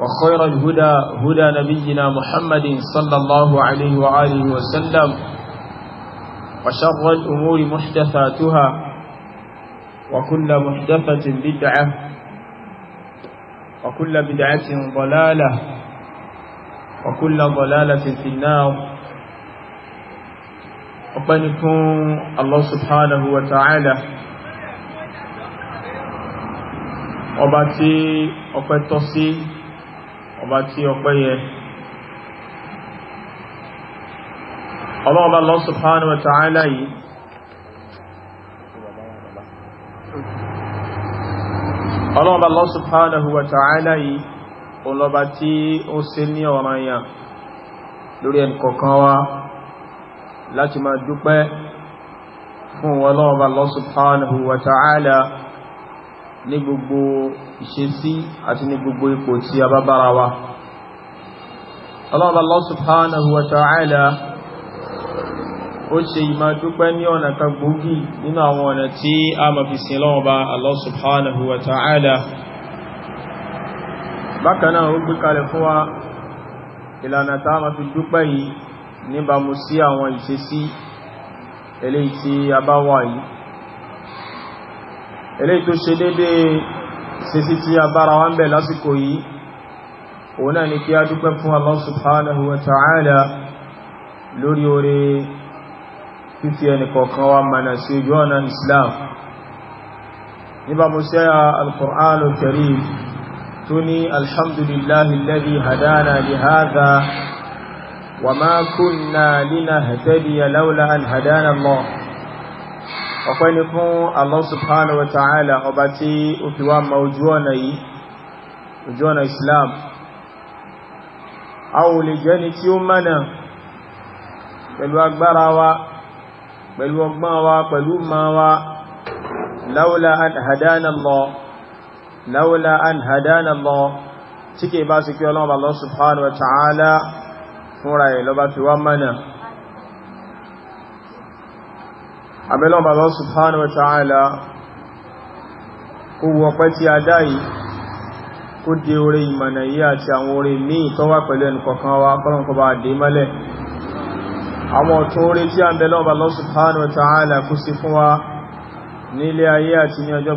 وخير الهدى هدى نبينا محمد صلى الله عليه وآله وسلم وشر الأمور محدثاتها وكل محدثة بدعة وكل بدعة ضلالة وكل ضلالة في النار أقنكم الله سبحانه وتعالى ọba tí ọpẹ́ ọba tí ọpẹ́ yẹ ọlọ́ọ̀bá Allah subhanahu wa ta'ala yìí ọlọ́ọ̀bá Allah subhanahu wa ta'ala yìí ọlọ́ba tí ó ṣe ní ọ̀ràn yà lórí ẹnìkọ̀ọ̀kan wa láti máa dúpẹ́ fún ọlọ́ọ̀bá Allah subhanahu wa ta'ala yìí ní gbogbo ìṣesí àti ní gbogbo ipò tí a bá bára wa Allah subhanahu wa ta'ala ó ṣe ìmá dúpẹ́ ní ọ̀nà kan gbòógì nínú àwọn ọ̀nà tí a ma fi sin lọ́wọ́ bá Allah subhanahu eléyìí tó ṣe dédé sísí tí a bára wá ń bẹ̀ lásìkò yìí òun náà ni kí a dúpẹ́ fún Allah subhanahu wa ta'ala lórí orí fífi ẹnìkọ̀ọ̀kan wa mana sí ojú ọ̀nà Islam níbà mú sí al-Qur'an al tó ní alhamdulillahi alladhi hadana li hadha wa ma kunna linahtadiya hadana Allah ọpẹ́ ni fún Allah subhanahu wa ta'ala ọba tí ó fi wá ma ojú ọ̀nà yìí ojú ọ̀nà Islam a ò lè jẹ́ ni tí ó mẹ́nà pẹ̀lú agbára wa pẹ̀lú ọgbọ́n wa pẹ̀lú ma wa láwọ́lá an hadana láwọ́lá an hadana Allah bá sì kí ọlọ́ọ̀bà Allah subhanahu wa ta'ala fúnra ẹ̀ fi wá mẹ́nà abẹ́lọ́mà Allah subhanahu wa ta'ala kó wọ pẹ́ tí a dá yìí kó dé orí ìmọ̀nà yìí àti àwọn orí ní ìtọ́wà pẹ̀lú ẹnìkọ̀kan wa kọ́lọ̀kọ́bà dé mọ́lẹ̀ àwọn ọ̀tún orí tí a ń bẹ̀lọ́mà Allah subhanahu wa sí fún wa ní ayé àti ní ọjọ́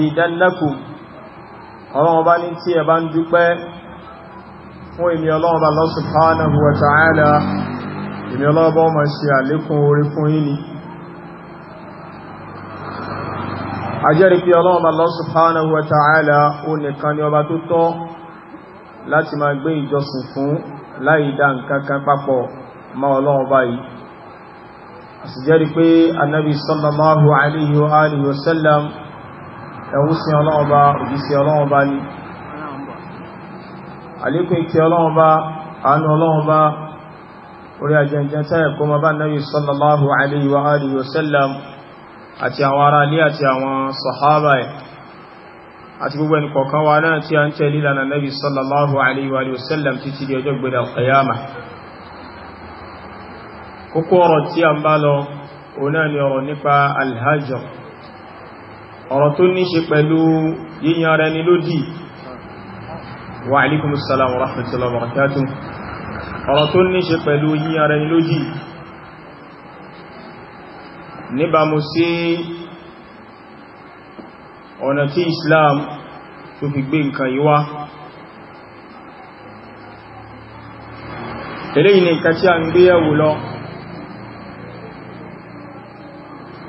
gbẹ̀dẹ̀ ọlọ́run bá ní tí ẹ bá ń dúpẹ́ fún èmì ọlọ́run bá Allah subhanahu wa ta'ala èmì ọlọ́run bá máa ṣe àlékún orí fún yíni ajẹ́rì pé ọlọ́run bá Allah subhanahu wa ta'ala ó nìkan ni ọba tó tọ́ láti máa gbé ìjọsìn fún láì dá nǹkan kan papọ̀ mọ́ ọlọ́run báyìí àsìjẹ́rì pé annabi sallallahu alaihi wa alihi wa sallam ẹ̀wú sí ọlọ́run bá òjísí ọlọ́run bá ní àlékún ìkẹ́ ọlọ́run bá àánú ọlọ́run bá orí ajẹ́jẹ́ tẹ́ẹ̀ kó ma bá Nábì sallallahu alaihi wa alihi wa sallam àti àwọn ará ilé àti àwọn sàhábà ẹ̀ àti gbogbo ẹni kọ̀ọ̀kan wa náà tí a ń tẹ́ lílànà Nábì sallallahu alaihi ọ̀rọ̀ tó ní ṣe pẹ̀lú yíyan rẹ̀ ni lódì wa alaikumus salam wa rahmatullahi wa barakatuh ọ̀rọ̀ tó ní ṣe pẹ̀lú yíyan rẹ̀ ni lódì níbàmú sí ọ̀nà tí Islam tó fi gbé nǹkan yìí wá eléyìí ni nǹkan tí a ń gbé lọ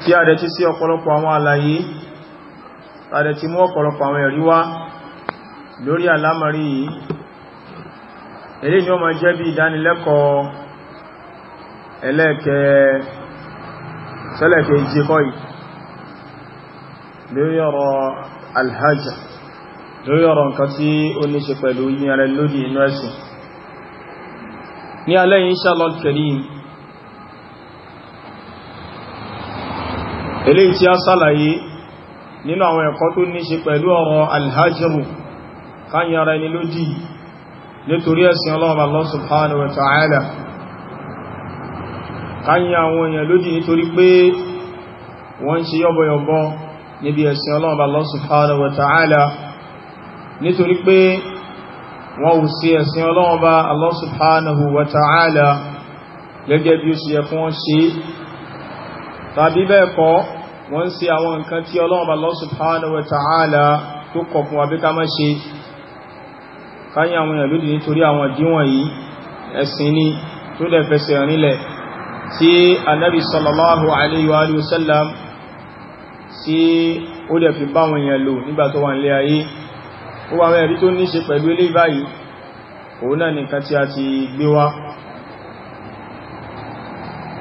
tí a dẹ̀ ti sí ọ̀pọ̀lọpọ̀ àwọn àlàyé tàbí ti mú ọ̀pọ̀lọpọ̀ àwọn ẹ̀rí wá lórí àlámọ̀rí yìí èyí ni ó máa jẹ́ bí ìdánilẹ́kọ̀ọ́ ẹlẹ́ẹ̀kẹ́ sẹ́lẹ̀kẹ́ ìjíkọ́ yìí lórí ọ̀rọ̀ alhajj lórí ọ̀rọ̀ nǹkan tí ó ní ṣe pẹ̀lú nínú àwọn ẹ̀kọ́ tó ní ṣe pẹ̀lú ọ̀rọ̀ alhajjiru kányara ẹni lódì nítorí ẹ̀sìn ọlọ́ọ̀bà Allah subhanahu wa ta'ala káyà àwọn èèyàn lódì nítorí pé wọ́n ṣe yọ́bọ̀yọ̀bọ̀ níbi ẹ̀sìn ọlọ́ọ̀bà Allah subhanahu wa ta'ala nítorí pé wọ́n wọ́n ṣe àwọn nǹkan tí Ọlọ́run bá Allah subhanahu wa ta'ala tó kọ̀ fún wa bí ká má ṣe káyí àwọn èèyàn lódì nítorí àwọn díwọ̀n yìí ẹ̀sìn ni tó lè fẹsẹ̀ rinlẹ̀ tí anábi sallallahu alaihi wa sallam tí ó lè fi báwọn èèyàn lò nígbà tó wà nílé ayé ó wà mẹ́rin tó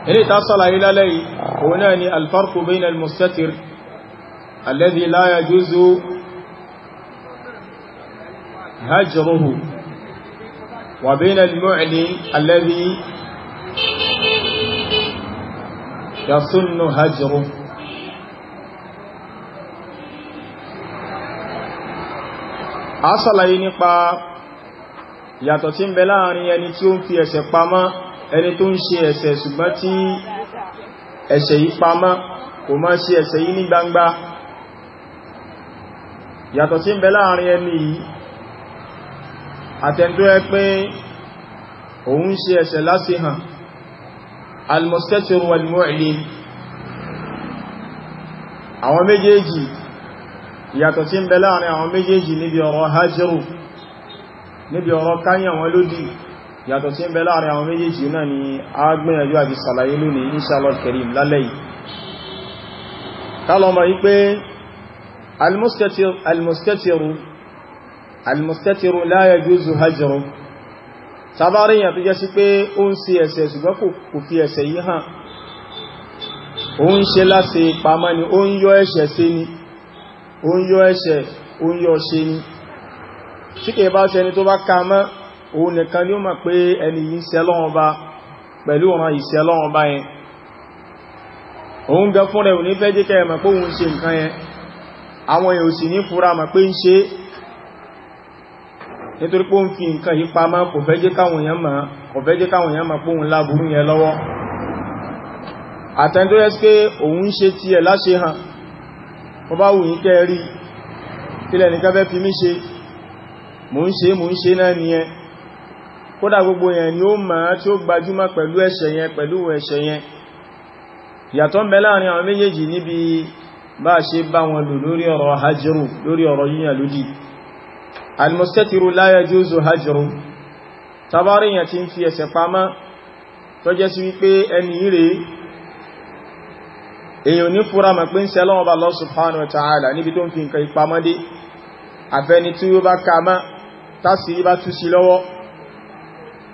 إلي تصل إلى لي هنا الفرق بين المستتر الذي لا يجوز هجره وبين المعلن الذي يصن هجره أصل إني يàtọ̀ tí ń bẹ láàrin ẹni tí ó ń fi ẹ̀ṣẹ̀ pamọ́ ẹni tó ń ṣe ẹ̀ṣẹ̀ ṣùgbọ́n tí ẹ̀ṣẹ̀ yìí pamá kò má ṣe ẹ̀ṣẹ̀ yìí ní gbangba yàtọ̀ tí ń bẹ láàrin ẹni yìí àtẹ́ntó ẹ pé òun ṣe ẹ̀ṣẹ̀ láti hàn al-mustatir wal àwọn méjèèjì ìyàtọ̀ tí ń bẹ láàrin àwọn méjèèjì níbi ọ̀rọ̀ hajjiru níbi ọ̀rọ̀ káyàn wọn lódì yàtọ̀ tí ń bẹ láàrin àwọn méjèèjì náà ni a gbìyànjú àti sàlàyé lónìí inshallah kerim lálẹ́ yìí kálọ̀mọ̀ yí pé almustatiru almustatiru la yajuzu hajru tabaríyàn tó jẹ́ sí pé ó ń ṣe ẹ̀ṣẹ̀ ṣùgbọ́n kò fi ẹ̀ṣẹ̀ yìí hàn ó ń ṣe láti pamọ́ ni ó ń yọ ẹ̀ṣẹ̀ sí ni ó ń yọ ẹ̀ṣẹ̀ ó ń yọ ṣe ni òun nìkan ni ó mọ̀ pé ẹni yìí ń ṣe lọ́wọ́n bá pẹ̀lú ọ̀ràn ìṣe lọ́wọ́n bá yẹn òun gan fún rẹ̀ òní fẹ́ jẹ́ kẹ́ mọ̀ pé òun ṣe nǹkan yẹn àwọn èèyàn sì ní fura mọ̀ pé ń ṣe nítorí pé ó ń fi nǹkan yìí pamọ́ kò kò fẹ́ jẹ́ káwọn èèyàn mọ̀ pé òun láburú yẹn lọ́wọ́ àtẹ́ntó yẹ́ pé òun ṣe ti ẹ̀ láṣe hàn wọ́n bá wù ní kẹ́ rí kílẹ̀ nìkan fẹ́ fi mí ṣe mò ń ṣe mò ń ṣe náà nìyẹn kódà gbogbo yẹn ni ó máa tí ó gbajúmọ̀ pẹ̀lú ẹ̀ṣẹ̀ yẹn pẹ̀lú ẹ̀ṣẹ̀ yẹn yàtọ̀ ń bẹ láàrin àwọn méjèèjì níbi bá ṣe bá wọn lò lórí ọ̀rọ̀ hajjiru lórí ọ̀rọ̀ yíyàn lódì almustatiru la yajuzu hajjiru tabaríyàn ti ń fi ẹsẹ̀ pamọ́ tó jẹ́ sí wípé ẹni ire èyàn ní fúra mọ̀ lọ́wọ́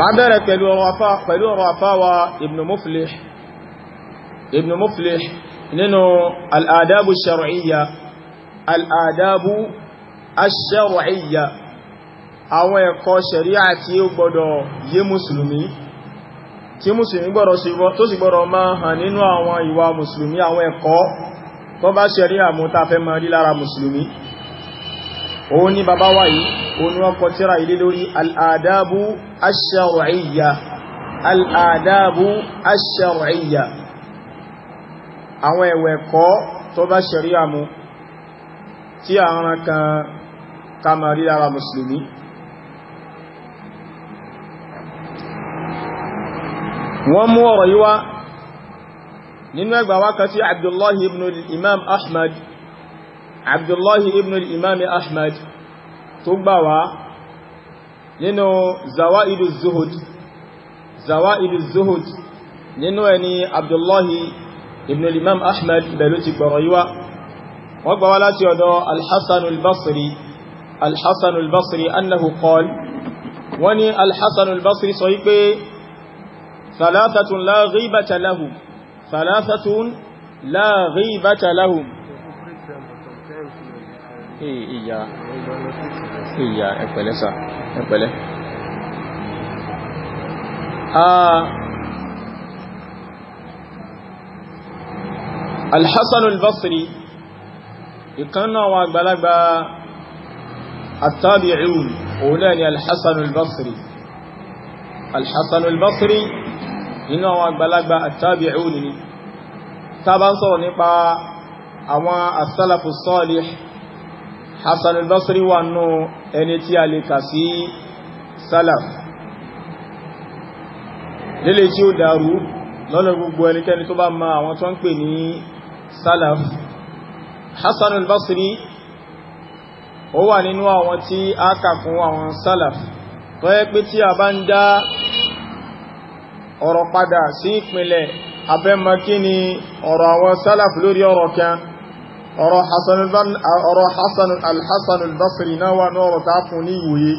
ma bẹ̀rẹ̀ pẹ̀lú ọ̀rọ̀ afáwa ibn muflih ibn muflih nínú al'adabu shar'iyya al'adabu ash-shar'iyya àwọn ẹ̀kọ́ ṣẹ̀ríà tí ó gbọ́dọ̀ yé musulmi tí musulmi gbọ́dọ̀ tó sì gbọ́dọ̀ máa hàn nínú àwọn ìwà musulmi àwọn ẹ̀kọ́ tó bá ṣẹ̀ríà mú ta fẹ́ rí lára musulmi òun ni bàbá wa yìí òun ni wọ́n kọ tírà ilé lórí al'adábú ash-shar'iyya al'adábú ash-shar'iyya àwọn ẹ̀wẹ̀ kọ́ tó bá ṣẹ̀ríà mu tí àwọn kan kamari lára musulmi wọ́n mú ọ̀rọ̀ yíwá nínú ẹgbàwá kan tí abdullahi ibn imam ahmad abdullahi ibn al-imam ahmad tó gbà wá nínú zawaidu zuhud zawaidu zuhud nínú ẹni abdullahi ibn al-imam ahmad pẹ̀lú ti gbọ̀rọ̀ yíwá wọ́n gbà wá láti ọ̀dọ̀ al-hassan al-basri al-hassan al-basri annahu qal wọ́n ní al basri sọ wípé thalathatun la ghibata lahum thalathatun la ghibata lahum ìyá ìyá ẹ̀pẹ̀lẹ́ sà ẹ̀pẹ̀lẹ́ alhassan al-basri ìkan náà wọn àgbàlagbà àtàbí'un òun náà ni alhassan al-basri alhassan al-basri inú àwọn àgbàlagbà àtàbí'un ni ta bá ń sọ̀rọ̀ nípa àwọn asálàfù salih Hassan al-Basri wa nù ẹni tí a lè kà sí salaf lílé tí ó dàrú lọ́nà gbogbo ẹnikẹ́ni tó bá ma àwọn tó ń pè ní salaf Hassan al-Basri ó wà nínú àwọn tí a kà fún àwọn salaf tó yẹ pé tí a bá ń dá ọ̀rọ̀ padà sí ìpínlẹ̀ abẹ́mọ́kí ni ọ̀rọ̀ àwọn salaf lórí ọ̀rọ̀ kan ọ̀rọ̀ hassan al-hassan al-basri náà wà náà rọ̀ta fún ní ìwòye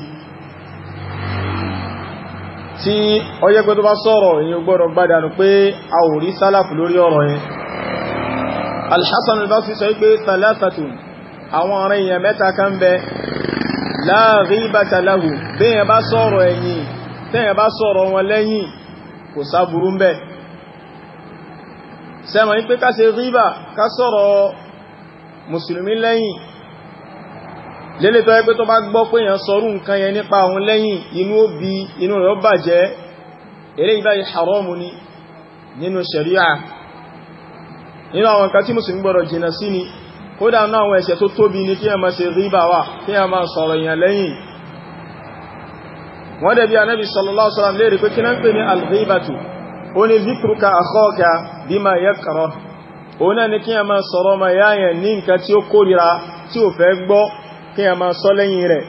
tí ó yẹ pé tó bá sọ̀rọ̀ èyí gbọ́dọ̀ gbádànù pé a ò rí sálàfù lórí ọ̀rọ̀ yẹn al-hassan al-basri sọ pé salasatu àwọn ọ̀rẹ́ èèyàn mẹ́ta kan bẹ la ghibata lahu bí mùsùlùmí lẹ́yìn lélẹ̀ tó ẹgbẹ́ tó bá gbọ́ pé èèyàn sọrú nǹkan yẹn nípa òun lẹ́yìn inú ó bí inú rẹ̀ ó bàjẹ́ eré ìbáyìí haramu ni nínú ṣẹ̀ríà nínú àwọn nǹkan tí mùsùlùmí gbọ́dọ̀ jìnà sí ni kódà náà àwọn ẹ̀ṣẹ̀ tó tóbi ni kí ẹ máa ṣe ríbà wà kí ẹ máa sọ̀rọ̀ èèyàn òun náà ni kí a máa sọ̀rọ̀ ọmọ ìyá yẹn ní nǹkan tí ó kórira tí ò fẹ́ gbọ́ kí a máa sọ lẹ́yìn rẹ̀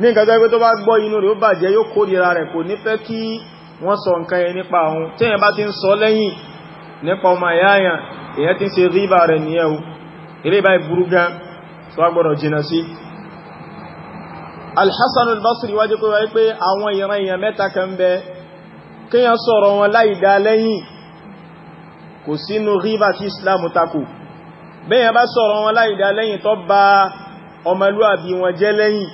ní nǹkan tó ẹgbẹ́ tó bá gbọ́ inú rẹ̀ ó bàjẹ́ yóò kórira rẹ̀ kò ní fẹ́ kí wọ́n sọ nǹkan yẹn nípa òun tí èyàn bá ti ń sọ lẹ́yìn nípa ọmọ ìyá yẹn èyàn ti ń ṣe ríbà rẹ̀ nìyẹn eré báyìí burú gan tó wá gbọ́dọ̀ jìnà sí Al-Hasan al-Basri wájú pé wáyé pé àwọn ìran èèyàn mẹ́ta kan bẹ kéèyàn sọ̀rọ̀ wọn láì dá lẹ́yìn kò sínú ríbà tí islamu takò bẹ́yàn bá sọ̀rọ̀ wọn láìdá lẹ́yìn tó bá ọmọlúàbí wọn jẹ́ lẹ́yìn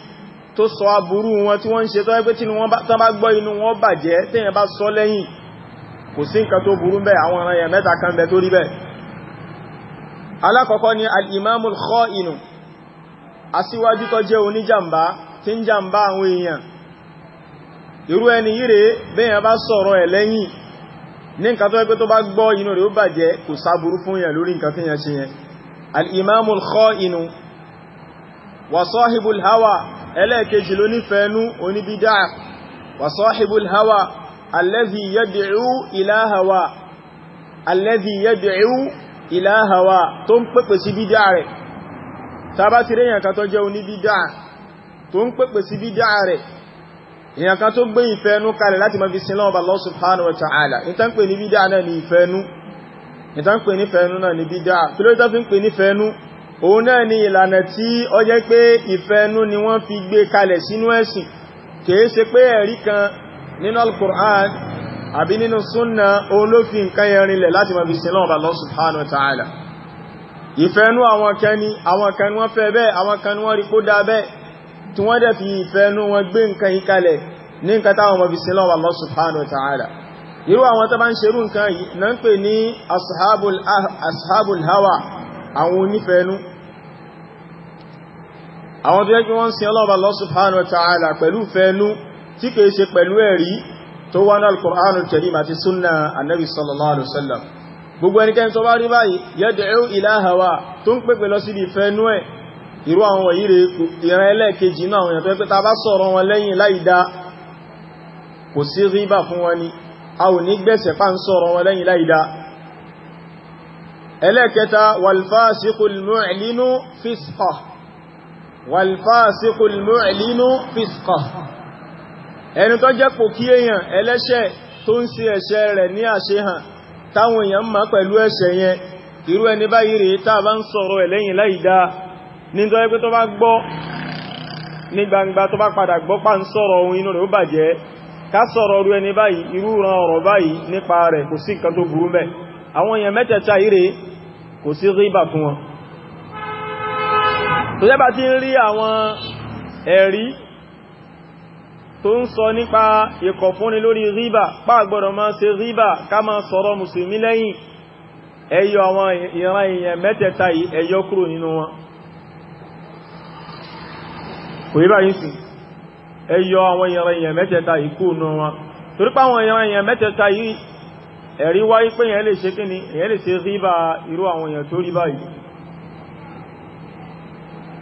tó sọ aburú wọn tí wọ́n ń ṣe tó ẹgbẹ́ tí wọ́n bá gbọ́ inú wọn bàjẹ́ tẹ́yàn bá sọ lẹ́yìn kò sí nǹkan tó burú bẹ́ àwọn ọ̀ràn yẹn mẹ́ta kan bẹ tó rí bẹ́ alákọ̀ọ́kọ́ ni al-imamul kha'inu asíwájú tó jẹ́ oníjàmbá tí ń jàmbá àwọn èèyàn irú ẹni yìí rèé bẹ́yàn bá sọ̀rọ̀ ẹ̀ lẹ́yìn ní nǹkan tó ẹgbẹ́ tó bá gbọ́ inú rẹ̀ ó bàjẹ́ kò sáburú fún yẹn lórí nǹkan tí yẹn ṣe yẹn al'imamul kha'inu wa sahibul hawa ẹlẹ́ẹ̀kejì ló nífẹ̀ẹ́nú oníbídá wa sahibul hawa allazi yad'u ila hawa allazi yad'u ila hawa tó ń pèpè sí bídá rẹ̀ tá bá ti rí jẹ́ oníbídá tó ń pèpè sí bídá rẹ̀ èyàn kan tó gbé ìfẹ́nú kalẹ̀ láti ma fi sin lọ́wọ́ Allah subhanahu wa ta'ala ìtàn pè ní bídá náà ní ìfẹ́nú ìtàn pè ní fẹ́nú náà ní bídá kí fi ń pè ní fẹ́nú òun náà ni ìlànà tí ó jẹ́ pé ìfẹ́nú ni wọ́n fi gbé kalẹ̀ sínú ẹ̀sìn kìí ṣe pé ẹ̀rí kan nínú al àbí nínú súnna òun ló fi nǹkan yẹn rinlẹ̀ láti ma fi sin lọ́wọ́ Allah subhanahu wa ta'ala ìfẹ́nú àwọn kan ni àwọn kan wọ́n fẹ́ bẹ́ẹ̀ àwọn kan wọ́n rí kó dá bẹ́ẹ̀ tí wọ́n dẹ̀ fi ìfẹ́nú wọn gbé nǹkan yí kalẹ̀ ní nǹkan táwọn ọmọ bìí sílọ́wà Allah subhanahu wa ta'ala irú àwọn tó bá ń ṣerú nǹkan yìí na ń pè ní ashabul àwọn onífẹ́nú àwọn tó yẹ kí wọ́n sin ọlọ́wà Allah subhanahu pẹ̀lú fẹ́nú tí kìí ṣe pẹ̀lú ẹ̀rí tó wà ní irú àwọn wọ̀nyí rẹ̀ ìran ẹlẹ́ẹ̀kejì náà àwọn èèyàn tó ta bá sọ̀rọ̀ wọn lẹ́yìn láìdá kò sí ríbà fún wọn ni a ò ní gbẹ̀sẹ̀ pá ń sọ̀rọ̀ wọn lẹ́yìn láìdá ẹlẹ́ẹ̀kẹta walfasiqul mu'linu fisqa walfasiqul mu'linu fisqa ẹni tó nítorí pé tó bá gbọ́ ní gbangba tó bá padà gbọ́ pa ń sọ̀rọ̀ ohun inú rẹ̀ ó bàjẹ́ ká sọ̀rọ̀ ọrú ẹni báyìí irú ran ọ̀rọ̀ báyìí nípa rẹ̀ kò sí nǹkan tó burú bẹ́ẹ̀ àwọn èèyàn mẹ́tẹ̀ẹ̀ta ire kò sí ríbà fún wọn tó àwọn ìran èèyàn mẹ́tẹ̀ẹ̀ta yìí kúrò nínú wọn kò yí báyìí sí ẹ yọ àwọn ìran èèyàn mẹ́tẹ̀ẹ̀ta yìí kú nù wọn torí pé àwọn ìran èèyàn mẹ́tẹ̀ẹ̀ta yìí ẹ̀rí wáyé pé èèyàn lè ṣe kíni èèyàn lè ṣe rí bá irú àwọn èèyàn tó rí báyìí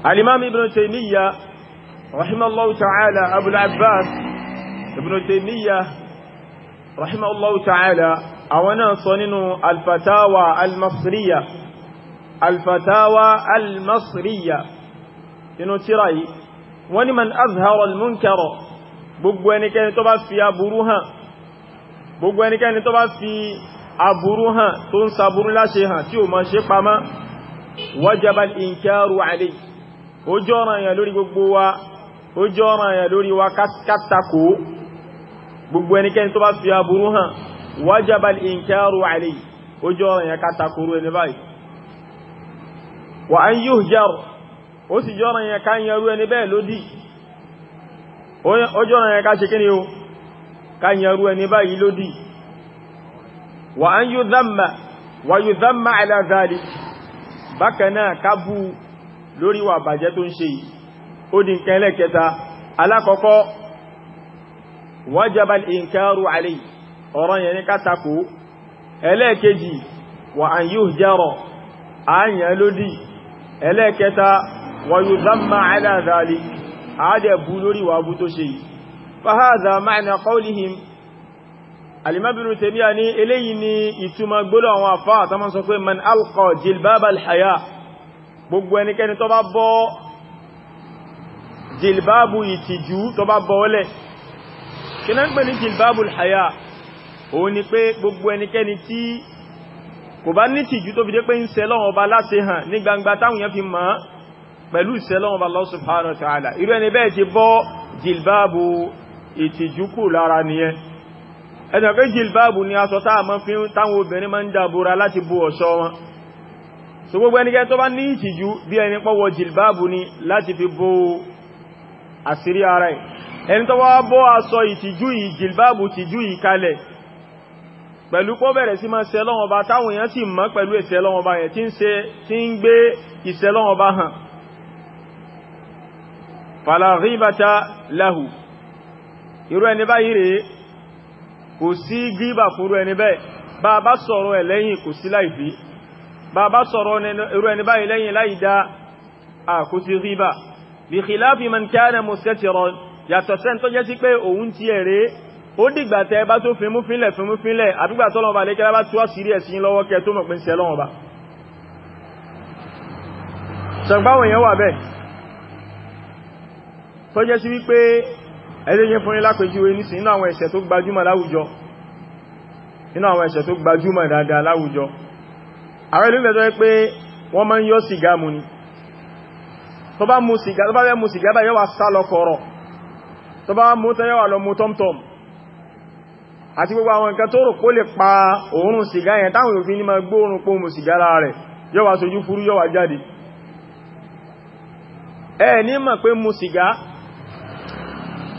alimami ibn taymiya rahimallahu ta'ala abul abbas ibn taymiya rahimallahu ta'ala àwọn náà sọ nínú alfatawa almasriya alfatawa almasriya inú tíra yìí wọ́n ni man azhara al-munkara gbogbo ẹnikẹ́ni tó bá fi aburú hàn gbogbo ẹnikẹ́ni tó bá fi aburú hàn tó ń saburú láṣe hàn tí ó ma ṣe pamá wajaba al-inkaru alayhi ó jẹ́ ọ̀ranyàn lórí gbogbo wa ó jẹ́ ọ̀ranyàn lórí wa kátàkó gbogbo ẹnikẹ́ni tó bá fi aburú hàn wajaba al-inkaru alayhi ó jẹ́ ọ̀ranyàn kátàkó rú ẹni báyìí wa an yuhjar ó sì jọ́ràn yẹn ká yanrú ẹni bẹ́ẹ̀ lódì ó jọ́ràn yẹn ká ṣe kíni o ká ruo ẹni báyìí lodi wa an yudhamma wa yudhamma ala dhalik bákan náà ká bú lórí wà bàjẹ́ tó ń ṣe yìí ó di nǹkan ẹlẹ́kẹta alákọ̀ọ́kọ́ wajaba al-inkaru alayhi ọ̀rọ̀ yẹn ká takò ẹlẹ́ẹ̀kejì wa an lodi àyàn ويذم على ذلك هذا بولوري وابوتوشي فهذا معنى قولهم alimabinu tèmíyà ní eléyìí ni ìtumọ̀ gbólọ̀ àwọn àfá àtàmà sọ pé man alqa jilbaba alhaya gbogbo ẹnikẹni tó bá bọ́ jilbabu ìtìjú tó bá bọ́ ọlẹ̀ kí náà ń pè ní jilbabu alhaya ó ní pé gbogbo kò bá ní tìjú tó fi dé pé ń ṣe lọ́wọ́ ọba láti hàn ní gbangba táwọn yẹn fi mọ̀ pẹ̀lú ìṣẹ́lọ́wọ́n Allah subhanahu wa ta'ala irú ẹni bẹ́ẹ̀ ti bọ́ jìlbáàbù ìtìjúkù lára nìyẹn ẹ̀dọ̀ pé jìlbáàbù ni aṣọ táwọn obìnrin máa ń dàbúra láti bú ọ̀ṣọ́ wọn so gbogbo ẹnikẹ́ tó bá ní ìtìjú bí ẹni pọ́wọ́ jìlbáàbù ni láti fi bó àṣírí ara ẹ̀ ẹni tó wá bọ́ aṣọ ìtìjú yìí jìlbáàbù tìjú yìí kalẹ̀ pẹ̀lú kó bẹ̀rẹ̀ sí máa ṣẹlọ́wọ́n táwọn èèyàn sì mọ́ pẹ̀lú ìṣẹlọ́wọ́n yẹn tí ń gbé ìṣẹlọ́wọ́n hàn fala ghibata lahu irú ẹni báyìí rèé kò sí gíbà fúrú ẹni bẹ́ẹ̀ bá a bá sọ̀rọ̀ ẹ̀ lẹ́yìn kò sí láìfí bá a bá sọ̀rọ̀ irú ẹni báyìí lẹ́yìn láìdá à kò sí gíbà bí khilafi man kana mustatiran yàtọ̀ sẹ́n tó jẹ́ sí pé òun ti ẹ̀rẹ́ ó dìgbà tẹ́ bá tó fimú fínlẹ̀ fimú fínlẹ̀ àbígbà tọ́lọ́ bá lékẹ́lá bá tú àṣírí ẹ̀sìn lọ́wọ́ kẹ tó mọ̀ pín sẹ́lọ́wọ́ bá sọ̀gbáwò yẹn wà bẹ́ẹ̀ tó jẹ́ sí wípé ẹlẹ́yẹ fún ilá pẹ̀júwé ní sí inú àwọn ẹ̀ṣẹ̀ tó gbajúmọ̀ láwùjọ inú àwọn ẹ̀ṣẹ̀ tó gbajúmọ̀ dáadáa láwùjọ àwọn ìlú mẹ́tọ́ pé wọ́n máa ń yọ́ sìgá mu ni tó bá mu sìgá tó bá fẹ́ mu sìgá bá yọ́ sá lọ kọ̀rọ̀ tó bá mú tán yọ́ lọ mu tọ́mtọ́m àti gbogbo àwọn nǹkan tó rò kó lè pa òórùn sìgá yẹn táwọn òfin ní máa gbóòórùn pó mu sìgá lára rẹ̀ yọ́ wà sojú fúrú yọ́ wà jáde ẹ ní mọ̀ pé mu sìgá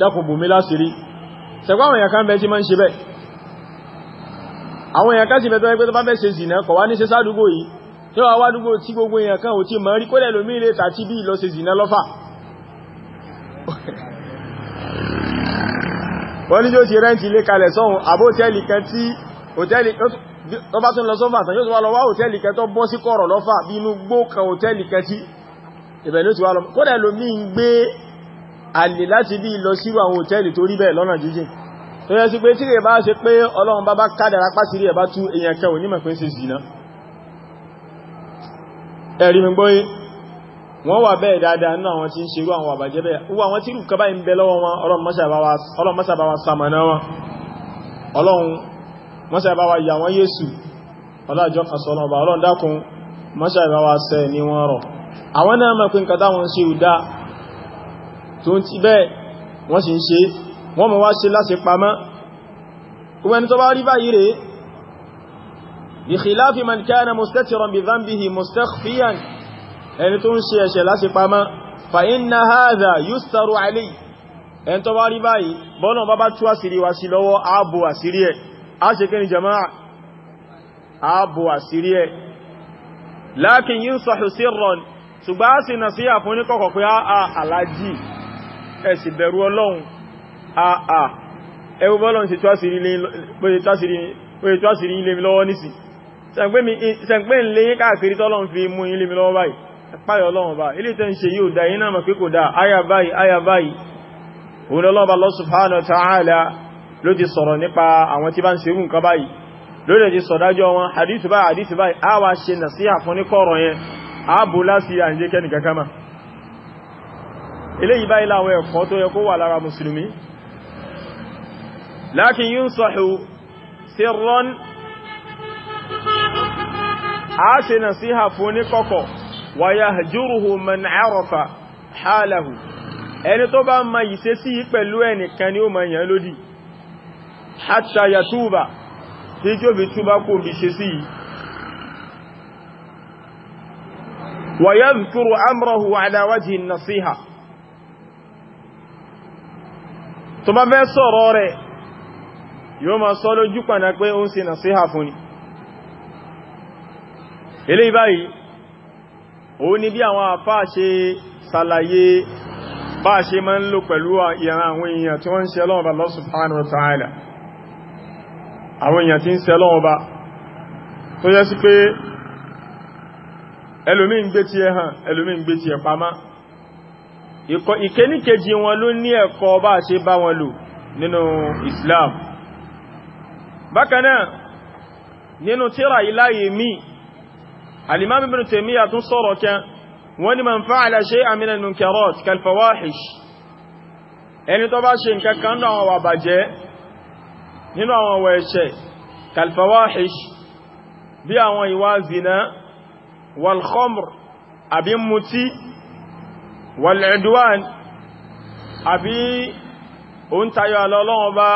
dákùn bùnmí lásìrí ṣẹ̀kọ́ àwọn èèyàn kan bẹ tí ma ń ṣe bẹ́ àwọn èèyàn kan ti bẹ̀tọ́ ẹgbẹ́ tó bá bẹ́ ṣe zìnà kọ̀ wá ní ṣe sádúgbò yìí tí wọ́n wádúgbò tí gbogbo èèyàn kan ò tí mọ̀ rí kólẹ̀ lómi ilé tàti bí lọ ṣe zìnà lọ́fà wọ́n ní yóò ti rẹ́ǹtì ilé kalẹ̀ sọ́hun àbó hòtẹ́ẹ̀lì kan lómi ń gbé àlè láti bí lọ sírò àwọn hòtẹ́ẹ̀lì tó rí bẹ́ẹ̀ lọ́nà jíjìn tó yẹ sí pé tí rẹ̀ bá ṣe pé ọlọ́run bá bá kádàrá pàtírí ẹ̀ bá tú èyàn kẹwò nímọ̀ pé ń ṣe zìnà ẹ̀rí mi gbóyé wọ́n wà bẹ́ẹ̀ dáadáa nínú àwọn tí ń ṣerú àwọn àbàjẹ́ bẹ́ẹ̀ wọ́n àwọn tí rùkọ́ báyìí ń bẹ lọ́wọ́ wọn ọlọ́run mọ́sà bá wa ṣamọ̀nà wọn ọlọ́run mọ́sà bá wa yà wọ́n Jésù ọlọ́jọ́ kan sọ ọlọ́run dákun mọ́sà bá wa ṣe ní wọ́n rọ̀ àwọn náà mọ̀ pé nǹkan táwọn ṣe ò dáa tó ń ti bẹ́ẹ̀ wọ́n sì ń ṣe wọ́n mọ̀ wá ṣe láti pamọ́ gbogbo ẹni tó bá rí báyìí rẹ̀ bi khilafi man kana mustatiran bi dhanbihi mustakhfiyan ẹni tó ń ṣe ẹ̀ṣẹ̀ láti pamọ́ fa inna hadha yustaru alayhi ẹni tó bá rí báyìí bọ́nà bá bá tú àsìrí ẹ sì bẹ̀rù ọlọ́run àà ẹwọ bọ́lọ́n ṣe tó àṣírí ilé mi lọ́wọ́ nìsì sẹ̀ǹpẹ́ ń lè yí káàkiri tọ́lọ́n fi mú ilé mi lọ́wọ́ báyìí ẹ̀páyọ̀ ọlọ́run bá ilé tẹ́ ń ṣe yóò dá iná mọ̀ pé kò dá àyà báyìí àyà báyìí òun lọ́lọ́ba Allah subhanahu wa ta'ala ló ti sọ̀rọ̀ nípa àwọn tí bá ń ṣe irú nǹkan báyìí lórí ti sọ̀dájọ́ wọn hadithu báyìí hadithu báyìí a wá ṣe nàṣíhà fún ní kọ̀rọ̀ yẹn ààbò láti àìjẹ́kẹ́ nìkankan máa eléyìí báyìí láwọn ẹ̀kọ́ tó yẹ kó wà lára mùsùlùmí lákin yunsahu sirran a ṣe nasiha fún ní kọ́kọ́ wa yahjuruhu man arafa halahu ẹni tó bá ma yìí sí pẹ̀lú ẹnìkan ni ó ma yàn lódì hatta yatuba tí tí ó tó bá fẹ́ sọ̀rọ̀ rẹ̀ yóò máa sọ lójú pàdà pé ó ń ṣe nàṣíhà fún ni eléyìí báyìí òun ni bí àwọn àfá ṣe sàlàyé bá ṣe máa ń lò pẹ̀lú àwọn èèyàn tí wọ́n ń ṣe lọ́wọ́ Allah ìkéníkejì wọn ló ní ẹ̀kọ́ bá ṣe bá wọn lò nínú Islam bákanáà nínú tíra iláyè mí alimami ibn Taymiyyah tún sọ̀rọ̀ kẹ́ wọ́n ni man fa'ala shay'an min al-munkarat kal-fawahish ẹni tó bá ṣe nǹkan kan náà wà nínú àwọn ọwọ́ ẹ̀ṣẹ̀ bí àwọn ìwà zina wal wal-udwan àbí ó ń tayọ àlà Ọlọ́run Ọba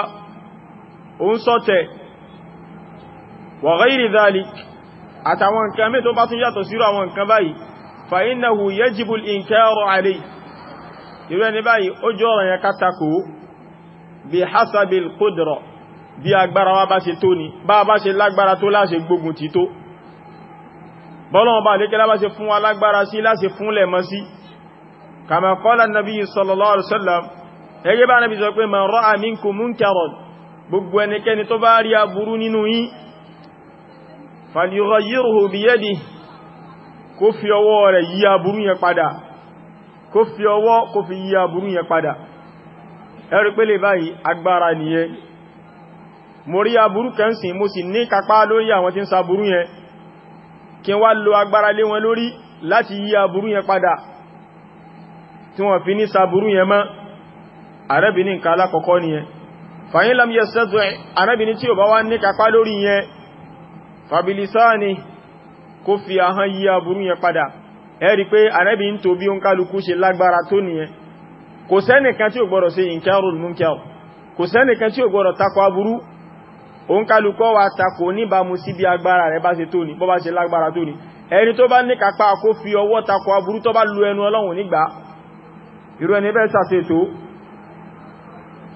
ó ń sọ̀tẹ̀ wa ghayri dhalik àtàwọn nǹkan mẹ́ tó bá tún yàtọ̀ sírò àwọn nǹkan báyìí fa innahu yajibu al-inkaru alayhi irú ẹni báyìí ó jọ ọ̀rọ̀ yẹn kátàkù bí hasabi al bí agbára wa bá ṣe tó ni bá bá ṣe lágbára tó láṣe gbógun ti bọ́lọ́wọ́ bá lékẹ́lá bá ṣe fún wa lágbára sí láṣe fúnlẹ̀ mọ́ sí كما قال النبي صلى الله عليه وسلم يجب أن نبي من رأى منكم منكرا بقوان كان تباري أبرون نوي فليغيره بيده كفي وورا يابرون يقدا كفي وورا كفي يابرون يقدا ẹ̀rí pẹ́lẹ̀ báyìí agbára nìyẹn mo rí aburú kan sí mo sì ní kápá lórí àwọn tí ń sa aburú yẹn kí wá lo agbára lé wọn lórí láti yí aburú yẹn padà tí wọ́n fi ní sàbúrú yẹn mọ́ arábìnrin nǹkan alákọ̀ọ́kọ́ ni yẹn fàyín lam yẹ sẹ́tù arábìnrin tí ò bá wá ní kapá lórí yẹn fàbílísáàni kó fi ahán yí aburú yẹn padà ẹ̀rí pé arábìnrin tó bí oúnkálukú ṣe lágbára tó nìyẹn kò sẹ́nìkan tí ò gbọ́dọ̀ sí inkarul munkar kò sẹ́nìkan tí ò gbọ́dọ̀ takọ aburú oúnkálukọ́ wa takò níbàmú sí bí agbára rẹ̀ bá ṣe tó ní bó bá ẹni tó bá ní kapá kó fi ọwọ́ takọ aburú tó bá lu ẹnu ọlọ́run nígbà irú ẹni bẹ́ẹ̀ sàṣètò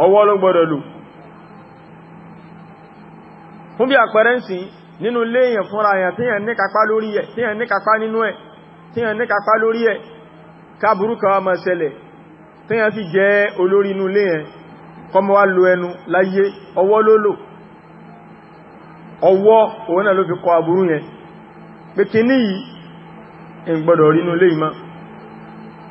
ọwọ́ ló gbọ́dọ̀ lù fún bí àpẹẹrẹ ń sìn nínú léèyàn fúnra àyà tíyàn ní ní kápá nínú ẹ̀ tíyàn ní lórí ẹ̀ ká kan wá máa ṣẹlẹ̀ tíyàn sì jẹ́ olórí inú léèyàn kọmọ wá lo ẹnu láyé ọwọ́ ló lò ọwọ́ òun náà ló fi kọ àbúrú yẹn pé kí ní yìí gbọ́dọ̀ rí inú léèyàn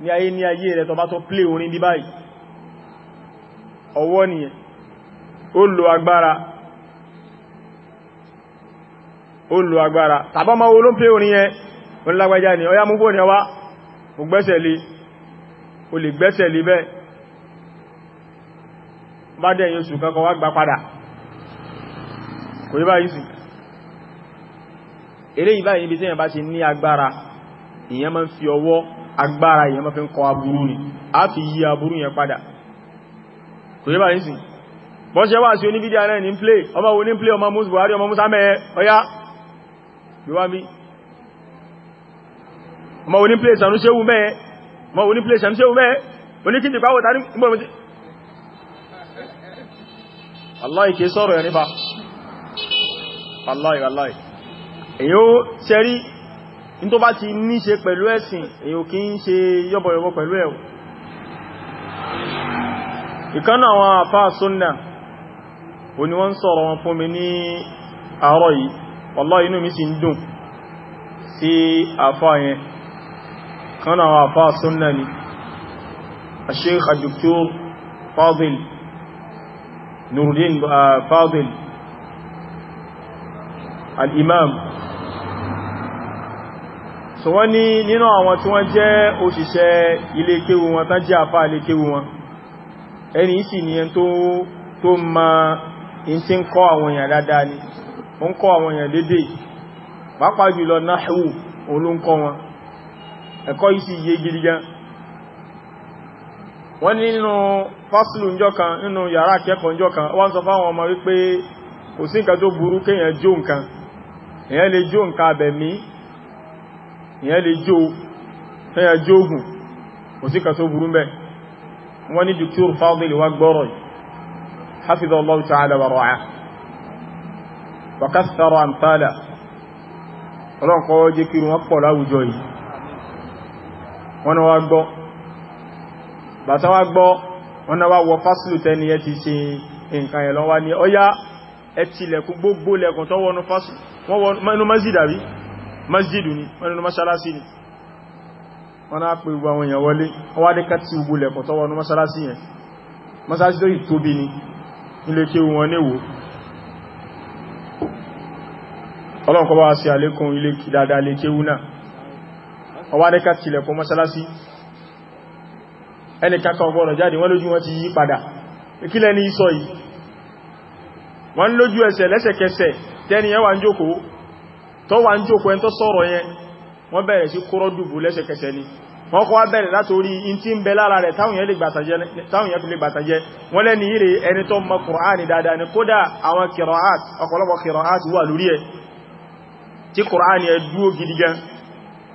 ní ayé ní ayé rẹ̀ tó bá tó plé orin bí báyìí ọwọ́ nìyẹn ó lo agbára ó lo agbára tàbá ma wo ló ń plé orin yẹn ó lágbàjá ní ọya múgbò ní ọwá mo gbẹ́sẹ̀ lé o lè gbẹ́sẹ̀ lé bẹ́ẹ̀ bá dẹ̀ yóò sùn kankan wá gbà padà kò yí báyìí sí eléyìí báyìí níbi tí èèyàn bá ṣe ní agbára ìyẹn máa ń fi ọwọ́ agbára yẹn máa fi ń kọ aburú ni a fi yí aburú yẹn padà kò yẹ́ bá ní sí bọ́ ṣe wá sí oníbídíà náà ní play ọmọ wo ní play ọmọ musu buhari ọmọ musa mẹ́ẹ̀ ọya gbíwábí ọmọ wo ní ọmọ wo ní play sanusewu mẹ́ẹ̀ Allah ike sọ́rọ̀ ẹ̀ Allah, Allah. Èyí ó ní tó bá ti ní ṣe pẹ̀lú ẹ̀sìn èyàn kí ń ṣe yọ́bọ̀yọ̀bọ̀ pẹ̀lú ẹ̀ ìkan náà àwọn àfáà súnnà o ni wọ́n sọ̀rọ̀ wọn fún mi ní àárọ̀ yìí wallahi inú mi sì ń dùn sí àfáà yẹn kan àwọn àfáà súnnà ni Sheikh Dr. Fadil Nuruddin ah, Fadil al-Imam so wọ́n ní nínú àwọn tí wọ́n jẹ́ òṣìṣẹ́ ilé wọn tán jẹ́ àfá ilé wọn ẹni ìsì ni ẹn tó ma in tí ń kọ́ àwọn èèyàn dáadáa ni ó ń kọ́ àwọn èèyàn dédé pàápàá jùlọ olóńkọ́ wọn ẹ̀kọ́ ìsì yé gidi wọ́n ìyẹn lè jó tẹ́yà jógùn kò sí kàtó burú mẹ́ wọ́n ní Dr. Fadil wa gbọ́rọ̀ hafizallahu ta'ala wa ra'a wa kásàrọ̀ àmtàlà ọlọ́nkọ́ jẹ́ kí wọ́n pọ̀ láwùjọ yìí wọ́n wá gbọ́ bàtà wá gbọ́ wọ́n wá wọ fásilù tẹ́ni ẹ ti ṣe nǹkan ẹ̀lọ́wà ní ọya ẹ gbogbo lẹ̀kùn tó wọnú fásilù wọ́n wọnú mẹ́sìdàrí masjidu ni wọ́n nínú mọ́ṣálásí ni wọ́n náà pè gbogbo àwọn èèyàn wọlé wọ́n wá dé kàtí gbogbo lẹ̀kọ̀ tọ́wọ́ nínú mọ́ṣálásí yẹn mọ́ṣálásí tó yìí tóbi ni ilé kéwù wọn níwò ọlọ́nkọ́ bá sí àlékún ilé dáadáa lè kéwù náà wọ́n wá dé kàtí lẹ̀kọ̀ mọ́ṣálásí ẹni kaka ọgbọ́rọ̀ jáde wọ́n lójú wọn ti yí padà ìkílẹ̀ ní ìsọ yìí wọ́n lójú ẹsẹ̀ lẹ́sẹ̀kẹsẹ̀ tẹ́ni ẹwà ń jókòó tó wà ń jókòó ẹn tó sọ̀rọ̀ yẹn wọ́n bẹ̀rẹ̀ sí kúrọ́ dùbù lẹ́sẹ̀kẹsẹ̀ ni wọ́n kọ́ bẹ̀rẹ̀ látorí in tí ń bẹ lára rẹ̀ táwọn yẹn fi lè gbàtàjẹ́ wọ́n lẹ́ni ire ẹni tó mọ kùránì dáadáa ni kódà àwọn kìrọ̀át ọ̀pọ̀lọpọ̀ kìrọ̀át wà lórí ẹ̀ tí kùránì ẹ dúó gidigan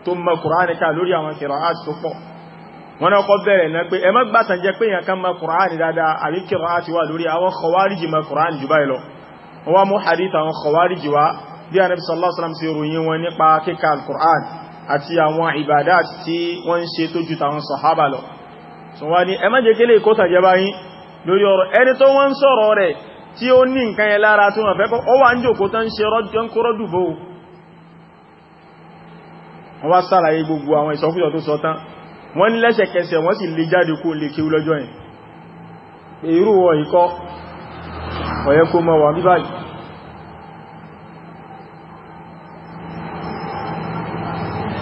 tó mọ kùránì ká lórí àwọn kìrọ̀át tó pọ̀ wọ́n náà kọ́ bẹ̀rẹ̀ náà bí a nẹ́bí sallallahu alaihi wasallam ṣe ròyìn nípa kíkà al-Qur'an àti àwọn ìbàdá tí wọ́n ń ṣe tó ju tàwọn sọ̀hábà lọ so wá ní ẹmẹ́jẹ́ kélé kóta jẹba yín lórí ọ̀rọ̀ ẹni tó wọ́n ń sọ̀rọ̀ rẹ̀ tí ó ní nǹkan yẹ lára tó wọ́n fẹ́kọ́ ó wà ń jòkó tán ṣe rọ́jọ́nkúrọ́ dùbò wọ́n wá sàlàyé gbogbo àwọn ìsọkúsọ tó sọ tán wọ́n ní lẹ́sẹ̀kẹsẹ̀ wọ́n sì lè jáde kó lè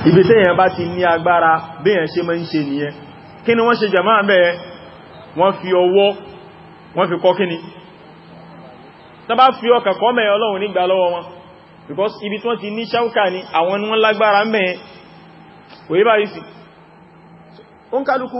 ibi tí èyàn bá ti ní agbára bí èyàn ṣe máa ń ṣe nìyẹn kí ni wọ́n ṣe jàmáà bẹ́ẹ̀ wọ́n fi ọwọ́ wọ́n fi kọ́ kí ni tó bá fi ọkà kọ́ mẹ́ ọlọ́run nígbà lọ́wọ́ wọn because ibi tí wọ́n ti ní ṣáúkà ni àwọn ni wọ́n lágbára mẹ́ kò yí báyìí sí ó ń kálukú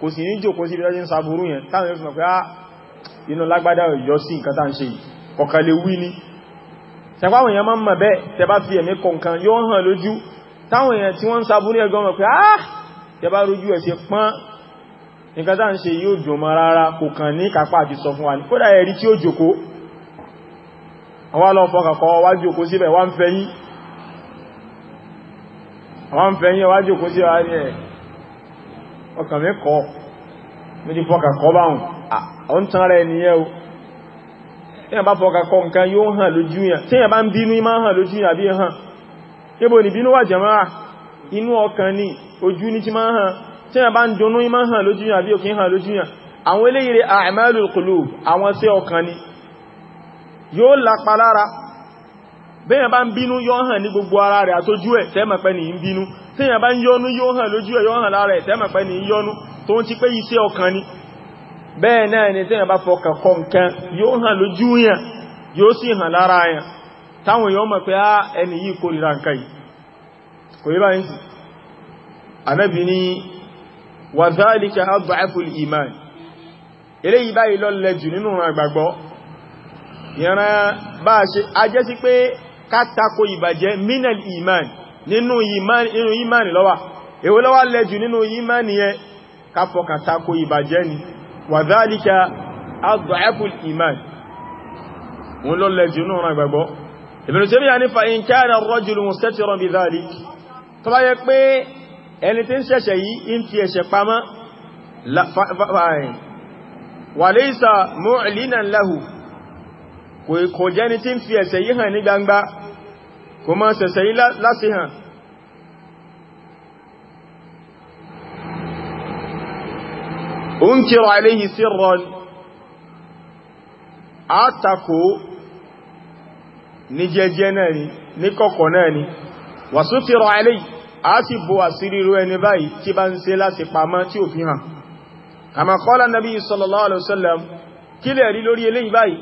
kò sì ní jòkó sí ìdájí ń sàbúrú yẹn táwọn yóò sọ pé á ah, inú lágbádá ọ̀yọ́ sí nǹkan tá ń ṣe ọ̀kàlẹ̀ wí ni tẹpáwọn èèyàn máa ń mọ̀ bẹ́ẹ̀ tẹ bá fi ẹ̀mí kọ̀ọ̀kan yóò hàn lójú táwọn èèyàn tí wọ́n ń sàbúrú yẹn gan mọ̀ pé á ah, tẹ bá rojú ẹ̀ sí pọ́n nǹkan tá ń ṣe yóò dùn mọ́ rárá ẹ̀ ọkànnì rẹ̀ kọ́ méjì fọ́kà kọ́ ọ àwọn tán rẹ̀ nìyẹn o tí a bá fọ́kà kọ́ nǹkan yóò hàn lójú tí a bá ń bínú máa hàn lójú bí hàn níbo ni bínú wà jẹ́mọ́ra inú ọkàn ni ojú ní ti máa hàn tí a bá ń dunú máa gbogbo ara rẹ̀ àtójú ẹ̀ tẹ́mọ̀ pẹ́ tí èyàn bá ń yọnú yóò hàn lójú ẹ̀ yóò hàn lára ẹ̀ tẹ́mọ̀ pẹ́ ni yọnú tó ń ti pé iṣẹ́ ọkàn ni bẹ́ẹ̀ náà ni tí èyàn bá fọkàn kọ nǹkan yóò hàn lójú yàn yóò sì hàn lára yàn táwọn èèyàn mọ̀ pé ah, ẹni yìí kórìíra nǹkan yìí nínú ìmáni lọ́wà èwo lọ́wà lẹ́jù nínú ìmáni yẹ káfọkàtàkò ìbàjẹ́ ni wà dhalika adh'aful iman wọn lọ lẹ́jù náà rán ìgbàgbọ́ Ibn Taymiyyah ní fa in kana ar-rajulu mustatiran bi dhalik tó bá yẹ pé ẹni tí ń ṣẹ̀ṣẹ̀ yìí in fi ẹ̀ṣẹ̀ pamọ́ lahu kò jẹ́ni tí ń fi ẹ̀ṣẹ̀ yìí hàn ní gbangba kò mọ́ ṣẹ̀ṣẹ̀ yìí lásìhàn أنكر عليه سرا أتكو نججناني نكوكوناني وستر عليه أتبو أسيري رواني باي تبان سلاسي قاماتي وفيها كما قال النبي صلى الله عليه وسلم كلا للوري لي باي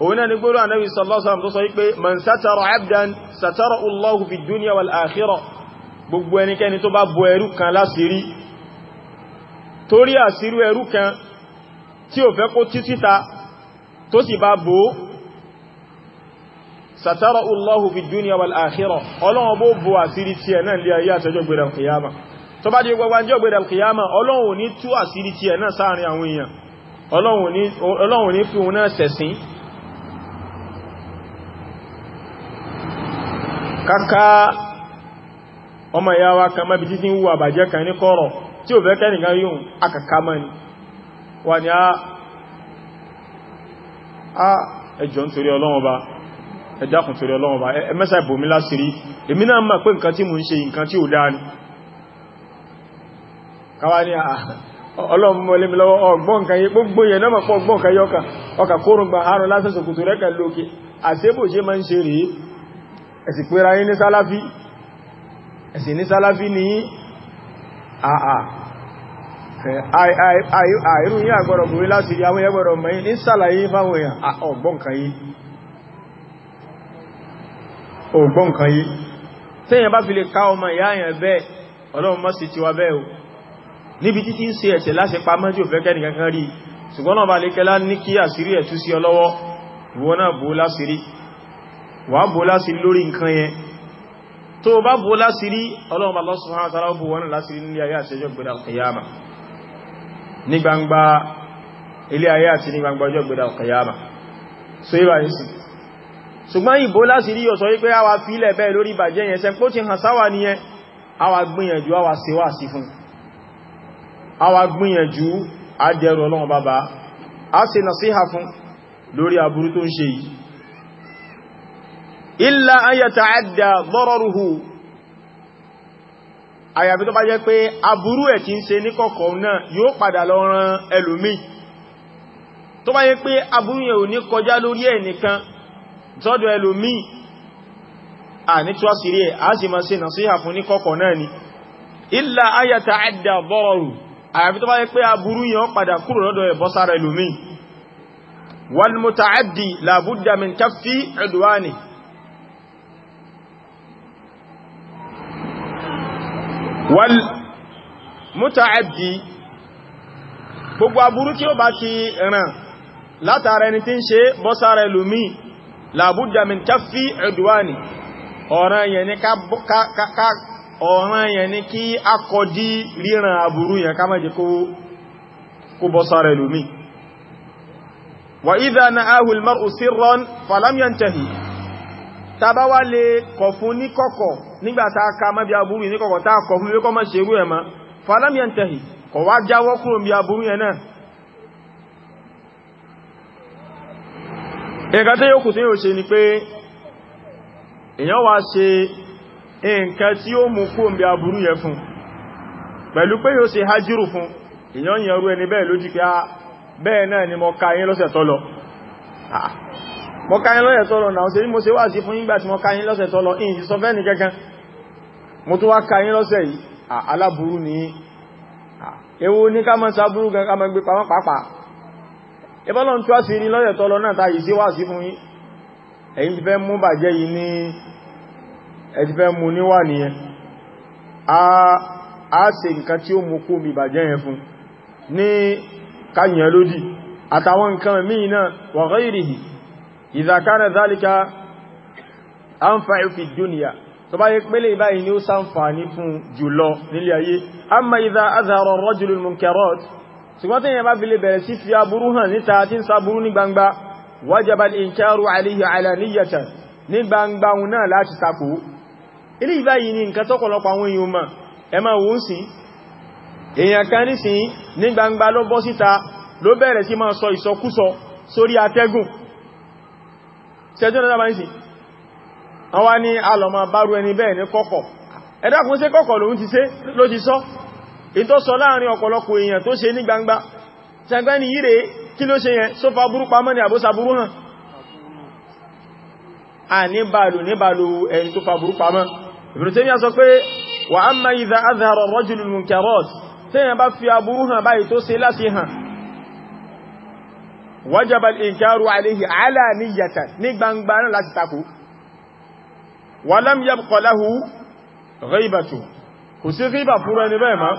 هنا نقول النبي صلى الله عليه وسلم تصيب من ستر عبدا ستر الله في الدنيا والآخرة gbogbo ẹnikẹ́ni tó bá bọ ẹrú kan láṣìírí torí àsírú ẹrú kan tí ò fẹ́ kó tí síta tó sì bá bò ó sàtàrà Allahu fi dúnìyà wal akhirah ọlọ́run bó bò àsírí tí ẹ̀ náà lé ayé àtẹjọ́ gbẹ̀rẹ̀ kìyàmà tó bá di gbogbo àjọ́ gbẹ̀rẹ̀ kìyàmà ọlọ́run ní tú àsírí tí ẹ̀ náà sáàrin àwọn èèyàn tí ò fẹ́ kẹ́nìkan yíò akàkà mọ́ ni wà ní a ah, ah, ẹjọ́ nítorí ọlọ́wọ́ba ẹjákùn torí ọlọ́wọ́ba ẹmẹ́sà ìbòmí lásìrí èmi náà mọ̀ pé nǹkan tí mo ń ṣe nǹkan tí ò dáa ni káwà ní ah, ọlọ́mọlẹ́mi lọ́wọ́ ọgbọ́nkan yẹ gbogbo yẹ náà pọ̀ ọgbọ́nkan yọ́ka ọkà kórùngbà àrùn lásẹ̀sọ̀ kò tó rẹ́kà lókè àṣẹ́bò ṣe máa ń àà àìrù yí àgbọ̀rọ̀ búrí láti rí àwọn ẹgbọ̀rọ̀ mẹ́yìn ní sàlàyé fáwọn èèyàn ọgbọ́n kan yí tẹ́yìn bá fi lè ká ọmọ ìyá àyàn bẹ́ẹ̀ ọlọ́run mọ́ sí ti wá bẹ́ẹ̀ o níbi títí ń se ẹ̀ṣẹ̀ láṣẹ pamọ́ tí ò fẹ́ kẹ́ni kankan rí ṣùgbọ́n náà bá lè kẹ́lá ní kí àṣírí ẹ̀ tú sí ọlọ́wọ́ ìwọ náà bó láṣírí wà bó láṣírí lórí nǹkan yẹn tó bá bó láṣírí ọlọ́run bá lọ́sùn ní gbangba ilé ayé àti ní gbangba ọjọ́ gbẹ̀dà ọ̀kẹ̀yàmà so ibà yìí sí ṣùgbọ́n ìbò láti rí ọ̀sọ̀ wípé àwà fílẹ̀ bẹ́ẹ̀ lórí ìbàjẹ́ yẹn sẹ́pọ̀ ti hàn sáwà nìyẹn àwà gbìyànjú àwà síwà sí fún àwà gbìyànjú àdẹ̀rù ọlọ́run bàbá a ṣe nàṣíhà fún lórí aburú tó ń ṣe yìí illa an yata'adda dararuhu àyàfi tó bá jẹ́ pé aburú ẹ̀ tí ń ṣe ní kọ̀kọ̀ náà yóò padà lọ ran ẹlòmíì tó bá jẹ́ pé aburú yẹn ò ní kọjá lórí ẹ̀ nìkan tọ́dọ̀ ẹlòmíì à ní tíwásírí ẹ̀ a sì máa ṣe nàṣíhà fún ní kọ̀kọ̀ náà ni illa ayata adda bọ́ọ̀rù àyàfi tó bá jẹ́ pé aburú yẹn padà kúrò lọ́dọ̀ ẹ̀ bọ́ sára ẹlòmíì wal mutaaddi labudda min kaffi wal mutaaddi gbogbo aburú tí ó bá ti ràn látara ẹni tí ń ṣe bọ́sára ẹlòmí làbújá min káfí ẹ̀dùwánì ọ̀ràn yẹn ni ká ọ̀ràn yẹn ni kí a kọdí ríran aburú yẹn ká má jẹ́ kó bọ́sára ẹlòmí wa idha na'ahu al-mar'u sirran falam yantahi tabawa le koko nígbàtà ká mẹ́bí aburú ní kọ̀kọ̀ tá kọ̀ fún wíkọ́ mọ́ ṣerú ẹ̀mọ́ falam ma kọ̀ wá jáwọ́ kúrò bí aburú yẹn náà ẹ̀ka tó yóò kù tí yóò ṣe ni pé èyàn wá ṣe nǹkan tí ó mú kúrò bí aburú yẹn fún pẹ̀lú pé yóò ṣe hajjúrù fún èyàn yẹn rú ẹni bẹ́ẹ̀ lójú pé ah, bẹ́ẹ̀ náà ni mo ka yín lọ́sẹ̀ ah, mo ka náà ṣe ni mo ṣe sí fún tí mọ̀ ka lọ́sẹ̀ sọ fẹ́ gẹ́gẹ́ mo tún wá ka yín lọ́sẹ̀ yìí aláburú ni ewu ní ká máa sáburú gan ká máa gbé pamọ́ pàápàá ìbọ́lọ̀ ń tú àṣírí lọ́yẹ̀ tọ́lọ náà tàyí sí wà sí fún yín ẹ̀yin ti fẹ́ mú bàjẹ́ yìí ní ẹ fẹ́ mú níwà nìyẹn a ṣe nǹkan tí ó mú kó bí bàjẹ́ yẹn fún ní káyàn kana dhalika anfa'u fi dunya tó bá yẹ pẹ́lẹ̀ ìbáyìí ni ó sáǹfàní fún jùlọ nílé ayé amma idha azhara ar-rajulu al-munkarat ṣùgbọ́n tí yẹn bá fi lè bẹ̀rẹ̀ sí fi aburú hàn níta tí ń saburú ní gbangba wajaba al-inkaru alayhi alaniyatan ní gbangba òun náà láti sàkó ilé ìbáyìí ni nǹkan tọ́pọ̀lọpọ̀ àwọn èèyàn mà àwọn ní alọ́mà bárú ẹni bẹ́ẹ̀ ní kọ́kọ́ ẹ̀dàkùn sí kọ́kọ́ lòun ti ṣe ló ti sọ ìtọ́ sọ láàrin ọ̀pọ̀lọpọ̀ èèyàn tó ṣe ní gbangba ṣàgbá ni yíre kí ló ṣe yẹn sófà burú pamọ́ ní àbósa burú hàn a níbàlù níbàlù ẹni tó fa burú pamọ́ Ibn Taymiyyah sọ pé wa amma idha azhara ar-rajulu gbangba náà láti takò ولم يبق له غيبته كسي غيبة فراني بيما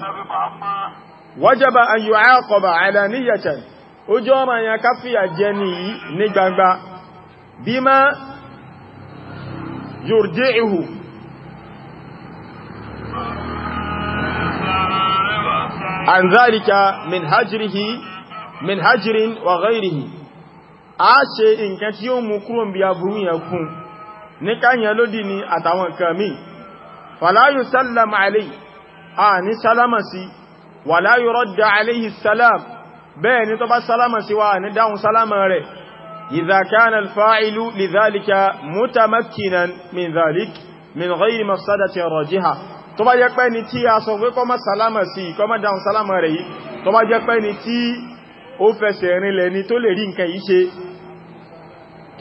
وجب أن يعاقب على نية أجوما يكفي الجني نجبا بما يرجعه عن ذلك من هجره من هجر وغيره آشي إن كانت يوم مكروم mú kúrò ní káyàn lódì ni àtàwọn kàmí fàláyù sálàm àlè a ní sálàmà sí wàláyù rọ́dà àléhì sálàm bẹ́ẹ̀ ni tó bá sálàmà sí wà ní dáhùn sálàmà rẹ̀ ìzàkánà alfa'ilu lìzálika mutamakkinan min zalik min ghairi mafsadati rajiha tó bá jẹ́ pé ni tí a sọ pé kó má lè rí nǹkan yìí ṣe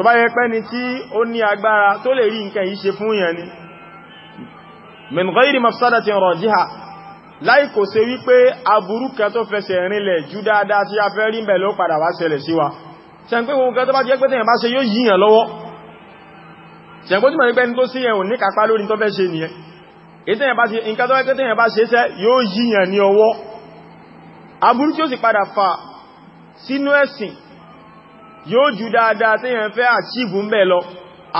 tó bá yẹ pé ni tí ó ní agbára tó lè rí nǹkan yìí ṣe fún yẹn ni min ghairi mafsadatin rajiha láì kò ṣe wípé aburú kan tó fẹsẹ̀ rinlẹ̀ jù dáadáa tí a fẹ́ rí ń bẹ̀ ló padà wá ṣẹlẹ̀ sí wa ṣẹ̀ǹpé gbogbo kan tó bá jẹ́ pé tẹ̀yàn bá ṣe yóò yíyàn lọ́wọ́ ṣẹ̀ǹpé tí mọ̀ sínú ẹ̀sìn yóò ju dáadáa tí yẹn fẹ́ àchíìbù ń bẹ̀ lọ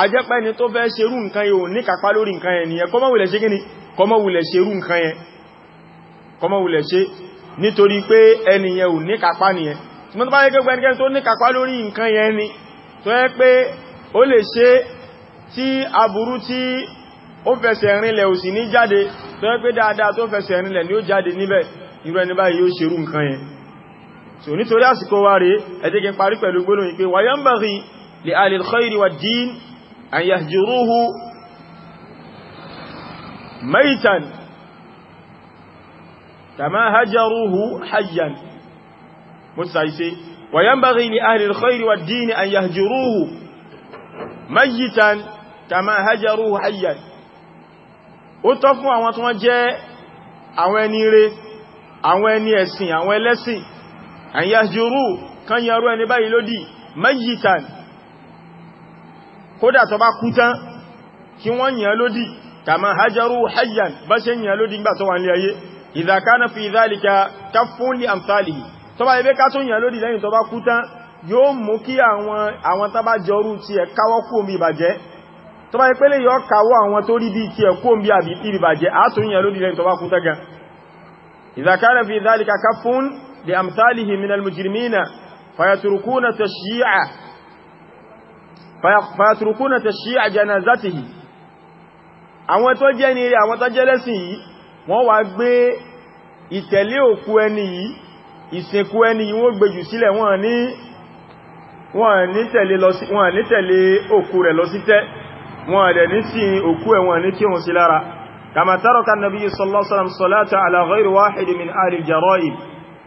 àjẹ́pẹ́ ni tó fẹ́ ṣerú nǹkan yóò ní kàpá lórí nǹkan yẹn nìyẹn kọmọ̀wùlẹ̀ ṣe gíní kọmọ̀wùlẹ̀ ṣerú nǹkan yẹn kọmọ̀wùlẹ̀ ṣe nítorí pé ẹniyẹn ò ní kàpá nìyẹn tí mọ́ tó bá yẹ kẹ́gbẹ́ ẹnikẹ́ni tó ní kàpá lórí so nítorí àsìkò wá rí ẹjẹ́ kí n parí pẹ̀lú gbónú ìpé wa yanbaghi li ahli al-khayri wad-din an yahjuruhu maitan kama hajaruhu hayyan musaise wa yanbaghi li ahli al-khayri wad-din an yahjuruhu maitan kama hajaruhu hayyan ó tọ́ fún àwọn tó wọ́n jẹ́ àwọn ẹni rere àwọn ẹni ẹ̀sìn àwọn ẹlẹ́sìn an yahjuru kan yaro ẹni báyìí lódì mayitan kódà tó bá kú kí wọ́n yàn lódì kama hajaru hayyan bá ṣe yàn lódì nígbà tó wà ní ayé idha kana fi dhalika kaffun li amthalihi tó bá ebe ká tún yàn lódì lẹ́yìn tó bá kú tán yóò mú kí àwọn àwọn tá bá jọrú tiẹ̀ káwọ́ kú omi ìbàjẹ́ tó bá ipele yọ káwọ́ àwọn tó rí bí tiẹ̀ kú omi ìbàjẹ́ á tún yàn lódì lẹ́yìn tó bá kú tán gan idha kana fi dhalika لأمثاله من المجرمين فيتركون تشييع فيتركون تشييع جنازته àwọn tó jẹ́ ní àwọn tó jẹ́ lẹ́sìn yìí wọ́n wá gbé ìtẹ̀lé òkú ẹni yìí ìsìnkú ẹni yìí wọ́n gbèjù sílẹ̀ wọ́n ní wọ́n ní tẹ̀lé òkú rẹ̀ lọ sí tẹ́ wọ́n dẹ̀ ní sí òkú ẹ̀ wọ́n ní kírun sí lára kama taraka an-nabiy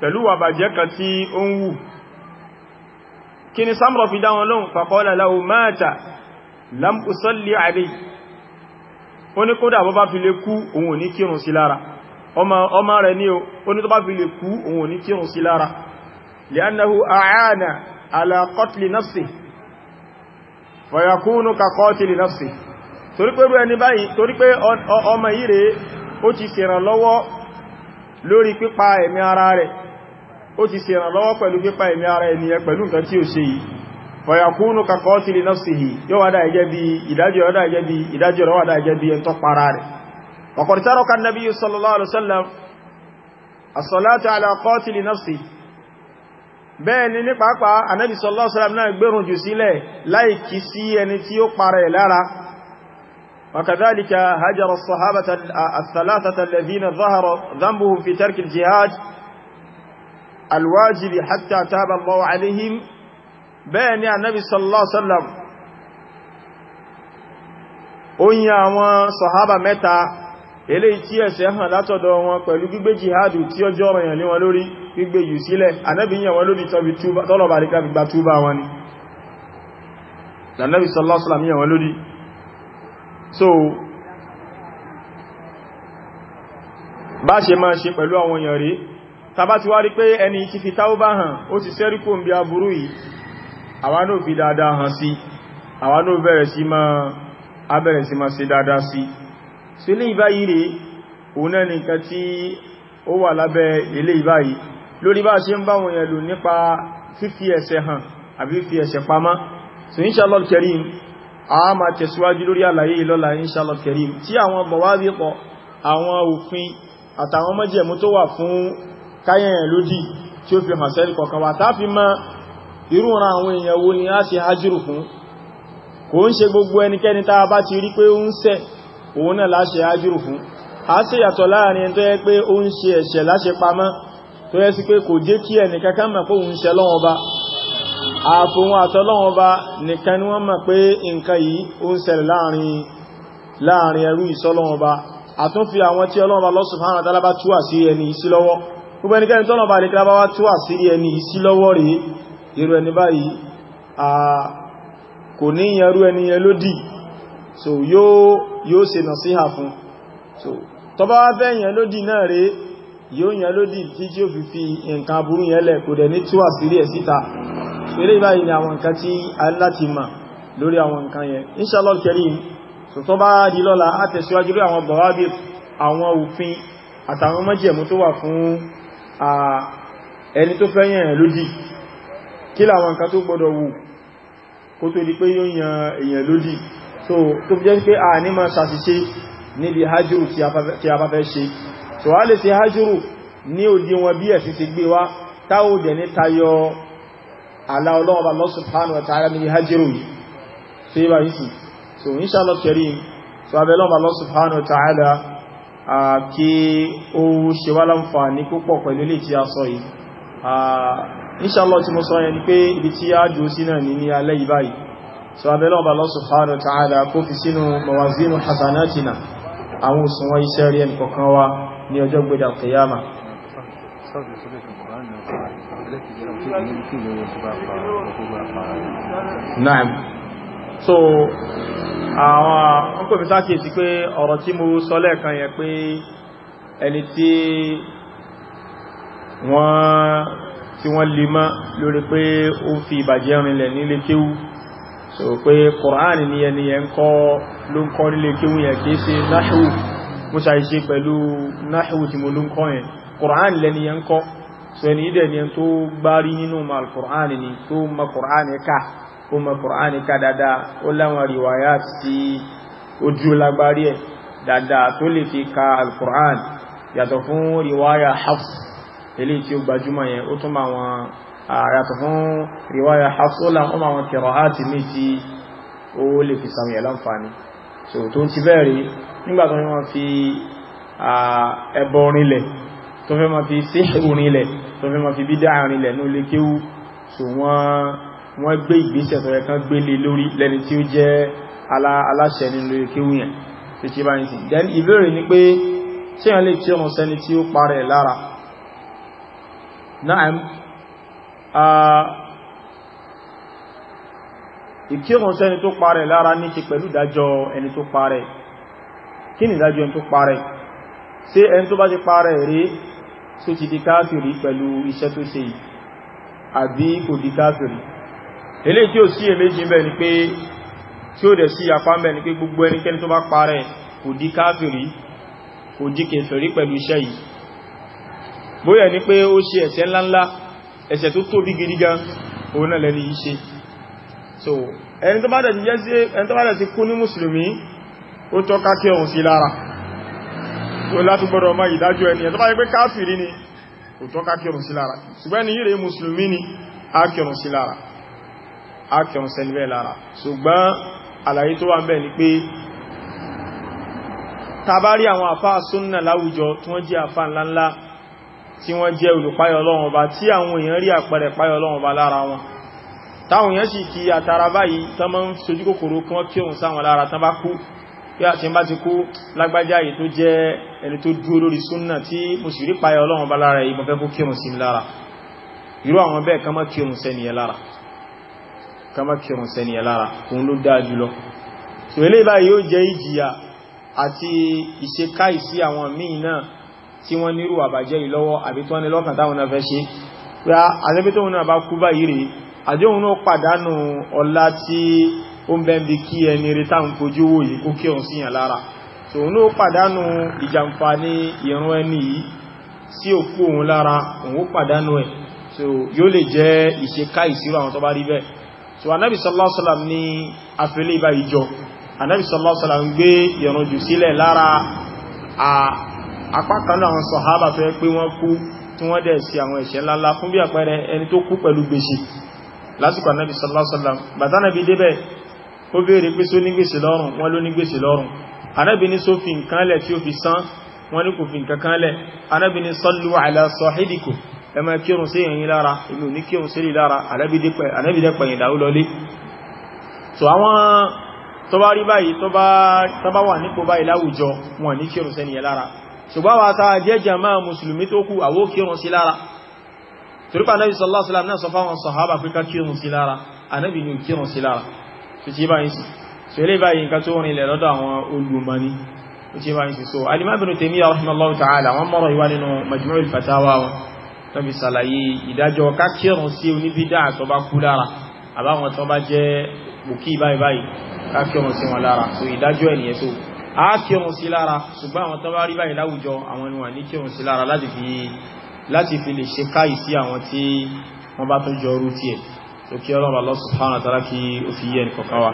pẹ̀lú wàbàjẹ́ kan tí ó ń wù kí ni Samra fi dáwọn lóhun faqala lahu mata lam usalli alayhi ó ní kódà bọ́ bá fi lè kú òun ò ní kírun sí lára ọmọ rẹ̀ ní ó ní tó bá fi lè kú òun ní kírun sí lára li'annahu a'ana ala qatli nafsihi fa yakunu ka qatili nafsihi torí pé ọmọ yìí rèé ó ti ṣèrànlọ́wọ́ lórí pípa ẹ̀mí ara rẹ̀ ó ti ṣèrànlọ́wọ́ pẹ̀lú pípa ẹ̀mí ara ènìyàn pẹ̀lú nǹkan tí ó ṣe yìí fọ̀yàkúnù kàkọ́ ti lè nafsihi yóò wádá ẹgẹ́ bí ìdájọ́ ọ̀dá ẹgẹ́ bí ìdájọ́ sallallahu alaihi wasallam as-salatu ala qatili nafsi bẹ́ẹ̀ ni ní pàápàá sallallahu alaihi wasallam náà gbérùn jù sílẹ̀ láì kìí sí ẹni tí وكذلك هجر الصحابة الثلاثة الذين ظهر ذنبهم في ترك الجهاد الواجب حتى تاب الله عليهم بين النبي صلى الله عليه وسلم oyin àwọn sọ̀hábà mẹ́ta eléyìí tí ẹ̀ṣẹ̀ hàn látọ̀dọ̀ wọn pẹ̀lú gbígbé jihadu tí ọjọ́ ọ̀rọ̀yàn lé wọn lórí gbígbé yìí sílẹ̀ anẹ́bìyàn wọn lórí tọ́lọ̀bà rí gbígbà túbà wọn ni lànẹ́bì sallallahu alaihi wasallam so bá ṣe máa ṣe pẹ̀lú àwọn èèyàn rí tàbá ti wá rí pé ẹni tí fi táúbá hàn ó ti sẹ́ríkò ń bí aburú yìí àwa náà fi dáadáa hàn sí àwa náà bẹ̀rẹ̀ sí máa abẹ̀rẹ̀ sí máa ṣe dáadáa sí sí ilé ìbáyìí rí òun náà nìkan tí ó wà lábẹ́ ilé ìbáyìí lórí bá ṣe ń bá wọn yẹn lò nípa fífi ẹ̀ṣẹ̀ hàn àbí fífi ẹ̀ṣẹ̀ pamọ́ a ma tẹ̀síwájú lórí àlàyé ìlọ́la inṣàlọ̀ kẹrim tí àwọn mọ̀wábíkọ̀ àwọn òfin àtàwọn mọ́jẹ̀mú tó wà fún káyẹ̀yẹ̀ lódì tí ó fi hàn sẹ́lì kọ̀kan wà táfi ma irúran àwọn èèyàn ni a ṣe hajjúrù fún kò ń ṣe gbogbo ẹnikẹ́ni tá a bá ti rí pé ó ń ṣẹ̀ òun náà láṣe hajjúrù fún a ṣe yàtọ̀ láàrin ẹni tó yẹ pé ó àfòun àtọ́lọ́wọ́n bá nìkan ni wọ́n mọ̀ pé nǹkan yìí ó ń ṣẹlẹ̀ láàrin láàrin ẹrú ìsọ́lọ́wọ́n bá àtúnfi àwọn tí Ọlọ́run bá subhanahu wa ta'ala bá tú àṣírí ẹni sí lọ́wọ́ yẹn lódì so yóò ṣe nasiha fún so tọba wá fẹ́ yẹn lódì náà rí yóò yẹn lódì tí tí ó fi fi nǹkan aburú yẹn lẹ̀ kò dẹ̀ ní tú àṣírí ẹ̀ síta ṣeré báyìí ni àwọn nǹkan tí a láti ma lórí àwọn nǹkan yẹn inshallah karim so tó bá di lọ́la a tẹ̀síwájú lórí àwọn bọ̀wábí àwọn òfin àtàwọn mọ́jẹ̀mú tó wà fún ẹni tó fẹ́ lódì kí làwọn nǹkan so tó jẹ́ pé a ní ma ṣàṣìṣe níbi so a lè ṣe hajjúrù ní òdiwọ̀n bí dẹ̀ ní tayọ àlá ọlọ́ọ̀bà Allah subhanahu wa ta'ala ní hajjírò yìí tí bá yìí sí so inshallah karim so abẹ́lọ́ọ̀bà Allah subhanahu wa ta'ala kí ó ṣe wá láǹfààní púpọ̀ pẹ̀lú lè tí a sọ yìí inshallah tí mo sọ yẹn ni pé ibi tí a jù sí náà ní ní alẹ́ yìí báyìí so abẹ́lọ́ọ̀bà Allah subhanahu wa kó fi sínú mawazinu hasanatina àwọn òṣùnwọ̀n iṣẹ́ rí ẹnì kọ̀ọ̀kan wa ní ọjọ́ gbẹ̀dẹ̀ al náà so àwọn ọkùnrin sáàkì ti pé ọ̀rọ̀ tí mo sọ lẹ́ẹ̀kan yẹn pé ẹni tí wọ́n tí wọ́n lè mọ́ lórí pé ó fi ìbàjẹ́ rinlẹ̀ nílé kéwú so pé Kùránì ní ẹni yẹn kọ́ ló ń kọ́ nílé kéwú yẹn kìí ṣe náhù mú ṣàìṣe pẹ̀lú náhù tí mo ló ń kọ́ yẹn Kùránì lẹ́ni yẹn kọ́ so ẹni yìí dẹni tó gbárí nínú ma alkùránì ni tó ma kùránì ká ó ma kùránì ká dáadáa ó láwọn riwaya sí ojú lágbárí ẹ̀ dáadáa tó lè fi ka alkùránì yàtọ̀ fún riwaya Hafs ilé tí ó gbajúmọ̀ yẹn ó tún ma wọn yàtọ̀ fún riwaya Hafs ó láwọn ọmọ àwọn kẹrọ áti mí tí ó lè fi sàmìyàn láǹfààní so tó ti bẹ́ẹ̀rẹ̀ nígbàtí wọ́n fi ẹbọ rinlẹ̀ tó fẹ́ ma fi síhìrù rinlẹ̀ tó fẹ́ ma fi bí dáàrin ilẹ̀ ní olè kéwú so wọ́n gbé ìgbésẹ̀ tó yẹ kán gbé lé lórí lẹ́ni tí ó jẹ́ aláṣẹ nínú olè kéwú yẹn tó ṣe bá ń sì then ìbéèrè ni pé ṣé yàn lè tí ọmọ sẹ́ni tí ó parẹ̀ lára náà ìkírùn sẹ́ni tó parẹ̀ lára ní ṣe pẹ̀lú ìdájọ́ ẹni tó parẹ̀ kí ni ìdájọ́ ẹni tó parẹ̀ ṣé ẹni tó bá ti parẹ̀ rí tó ti di káfìrí pẹ̀lú iṣẹ́ tó ṣe yìí àbí kò di káfìrí ilé tí ó sí èméjì bẹ̀ ni pé tí ó dẹ̀ sí apá bẹ̀ ni pé gbogbo ẹnikẹ́ni tó bá parẹ́ kò di káfìrí kò di kèfèrí pẹ̀lú iṣẹ́ yìí bóyẹ̀ ni pé ó ṣe ẹ̀ṣẹ̀ ńláńlá ẹ̀ṣẹ̀ tó tóbi gidi gan òun náà lẹ́ni so ẹni tó bá dẹ̀ sí kú ní mùsùlùmí ó tọ́ka kí tó láti gbọ́dọ̀ mọ́ ìdájọ́ ẹni ẹ̀ tó bá yẹ pé káfìrí ni kò tọ́ ká kírun sí lára ṣùgbọ́n ni yíre mùsùlùmí ni a kírun sí lára a kírun sẹ́lẹ̀ lára ṣùgbọ́n àlàyé tó wà ń bẹ̀ ni pé tabari àwọn àfáà súnnà láwùjọ tí wọ́n jẹ́ àfáà ńláńlá tí wọ́n jẹ́ olùpáyọ̀ Ọlọ́run pé àti bá ti kú lágbájá yìí tó jẹ́ ẹni tó dúró lórí súnnà tí mo sì rí payọ ọlọ́run bá lára yìí mo fẹ́ kó kírun sí lára irú àwọn bẹ́ẹ̀ ká má kírun sẹ́ni ẹ lára ká má kírun sẹ́ni ẹ lára òun ló dáa jùlọ so eléyìí yóò jẹ́ ìjìyà àti ìṣekáìsí àwọn míì náà tí wọ́n nírú àbàjẹ́ yìí ó ń bẹ́ẹ̀ bí kí ẹni rí táwọn fojú wò yìí kó kírun síyàn lára tòun ó pàdánù ìjàǹfààní ìrun ẹni yìí sí òkú òun lára òun ó pàdánù ẹ̀ so yóò lè jẹ́ ìṣeká ìṣirò àwọn tó rí bẹ́ẹ̀ so anábì sallallahu alaihi wasallam ní afẹ́lẹ́ ìbá ìjọ anábì sallallahu alaihi wasallam gbé ìrun jù sílẹ̀ lára apá kan àwọn sọ̀hábà tó yẹ pé wọ́n kú tí wọ́n dẹ̀ sí àwọn ẹ̀ṣẹ̀ ńláńlá fún bí àpẹẹrẹ ẹni tó kú pẹ̀lú gbèsè lásìkò anábì sallallahu alaihi débẹ̀ ó béèrè pé só nígbèsè lọ́rùn wọ́n ló nígbèsè lọ́rùn anábi ní só fi nǹkan lẹ̀ tí ó fi san wọ́n ní kò fi nǹkan kan lẹ̀ anábi ní sallu ala sahibikum ẹ máa kírun sí ẹ̀yìn lára èmi ò ní kírun sí rí lára anábi dẹ́pẹ̀yìn dáú lọlé so àwọn tó bá rí báyìí tó bá wà nípò báyìí láwùjọ wọn ní kírun sẹ́ni yẹ lára ṣùgbọ́n wa sí lára torípa anábi sí lára so ti báyìí sí so ilé báyìí nǹkan tó rìn lẹ́lọ́dọ̀ àwọn olùmọ́ni so ti báyìí sí so alimá ibn Taymiyyah ta'ala wọ́n mọ́rọ̀ ìwá nínú majmu'ul fatawa wọn tó fi sàlàyé ìdájọ́ kákírùn sí oníbídà tó bá kú lára àbáwọn tó bá jẹ́ bùkí báyìí báyìí kákírùn sí a kírùn sí lára ṣùgbọ́n àwọn tó bá rí báyìí láwùjọ àwọn ni wọ́n ní kírùn sí lára láti fi lè ṣe káyì bá tó jọ orú tiẹ̀ tó kí ọlọ́run Allah subhanahu wa ta'ala kí ó fi yẹ nìkọ̀ọ̀kan wa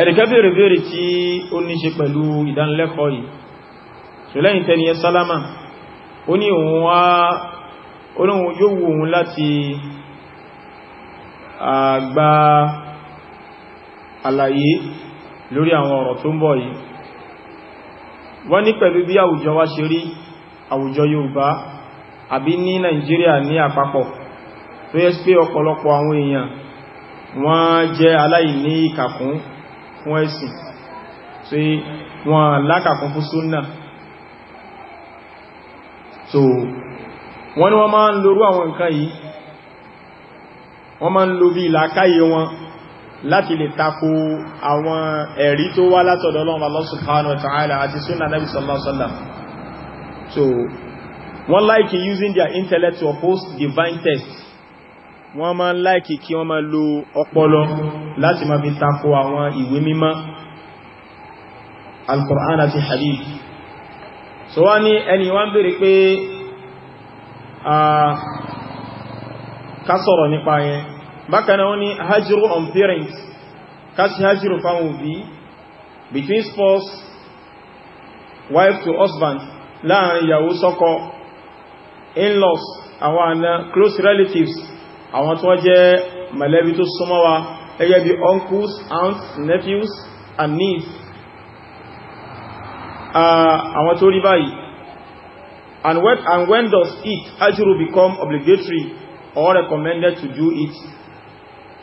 ẹ̀rìkẹ́ bèèrè bèèrè tí ó ní ṣe pẹ̀lú ìdánilẹ́kọ̀ọ́ yìí ṣùlẹ́yìn tẹniyẹ sálámà ó ní òun wá olóhun yóò wù òun láti àgbà àlàyé lórí àwọn ọ̀rọ̀ tó ń bọ̀ yìí wọ́n ní pẹ̀lú bí àwùjọ wa ṣe rí àwùjọ Yorùbá àbí ní Nàìjíríà ní àpapọ̀ tó yẹ pé ọ̀pọ̀lọpọ̀ àwọn èèyàn wọ́n jẹ́ aláìní ìkàkún fún ẹ̀sìn tí wọ́n lákàkún fún súnnà so wọ́n ni wọ́n máa ń lorú àwọn nǹkan yìí wọ́n máa ń lo bí ìlàkáyé wọn láti lè tako àwọn ẹ̀rí tó wá látọ̀dọ̀ Ọlọ́run Allah subhanahu wa ta'ala àti súnnà Nabi sallallahu alaihi wasallam so wọ́n like using their intellect to oppose divine test wọ́n máa ń láìkì kí wọ́n máa lo ọpọlọ láti máa fi tako àwọn ìwé mímọ́ al-Qur'an àti hadith so wá ní ẹni wọ́n bèèrè pé ká sọ̀rọ̀ nípa yẹn bákanáà wọ́n ní hajjiru on parents ká sí hajjiru fáwọn òbí between spouse wife to husband láàrin ìyàwó sọ́kọ in-laws àwọn close relatives àwọn tó jẹ́ mẹ̀lẹ́bí tó súnmọ́ wa ẹgẹ́ bí uncles aunts nephews and niece àwọn tó rí báyìí and when, and when does it actually become obligatory or recommended to do it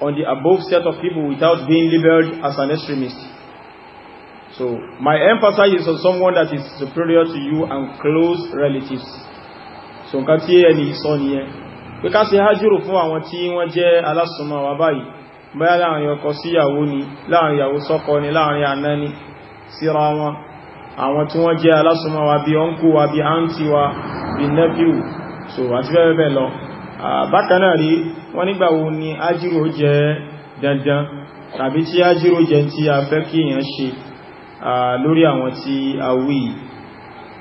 on the above set of people without being labeled as an extremist So my emphasis is on someone that is superior to you and close relatives. So nǹkan tí ẹni sọ nìyẹn. Pé ká ṣe hájúrò fún àwọn tí wọ́n jẹ́ alásùnmọ́ wa báyìí, báyá láàrin ọkọ sí ìyàwó ni, láàrin ìyàwó sọ́kọ ni, láàrin àná ni, síra wọn. Àwọn tí wọ́n jẹ́ alásùnmọ́ wa bí ọ́nkú wa bí áǹtí wa bí nẹ́bíù, so àti bẹ́ẹ̀ bẹ́ẹ̀ lọ. Bákan náà rí, wọ́n nígbà wo ni ájúrò jẹ́ dandan, tàbí tí ájúrò jẹ́ a fẹ́ kí èèyàn lórí àwọn tí a wí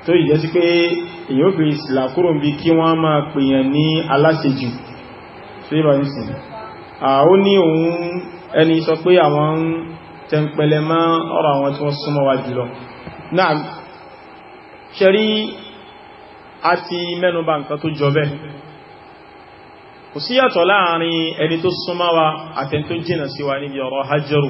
tó ìjẹ́ sí pé èyí ó fi ìsìlà kúrò bí kí wọ́n máa pèèyàn ní aláṣejù tó yíba ní sí ó ní òun ẹni sọ pé àwọn ń tẹ́ǹpẹlẹ mọ́ ọ̀rọ̀ àwọn tí wọ́n súnmọ́ wa jùlọ náà ṣẹ̀rí a ti mẹ́nubà láàrin ẹni tó súnmọ́ wa àtẹni jìnà sí wa níbi ọ̀rọ̀ hajjọ́rù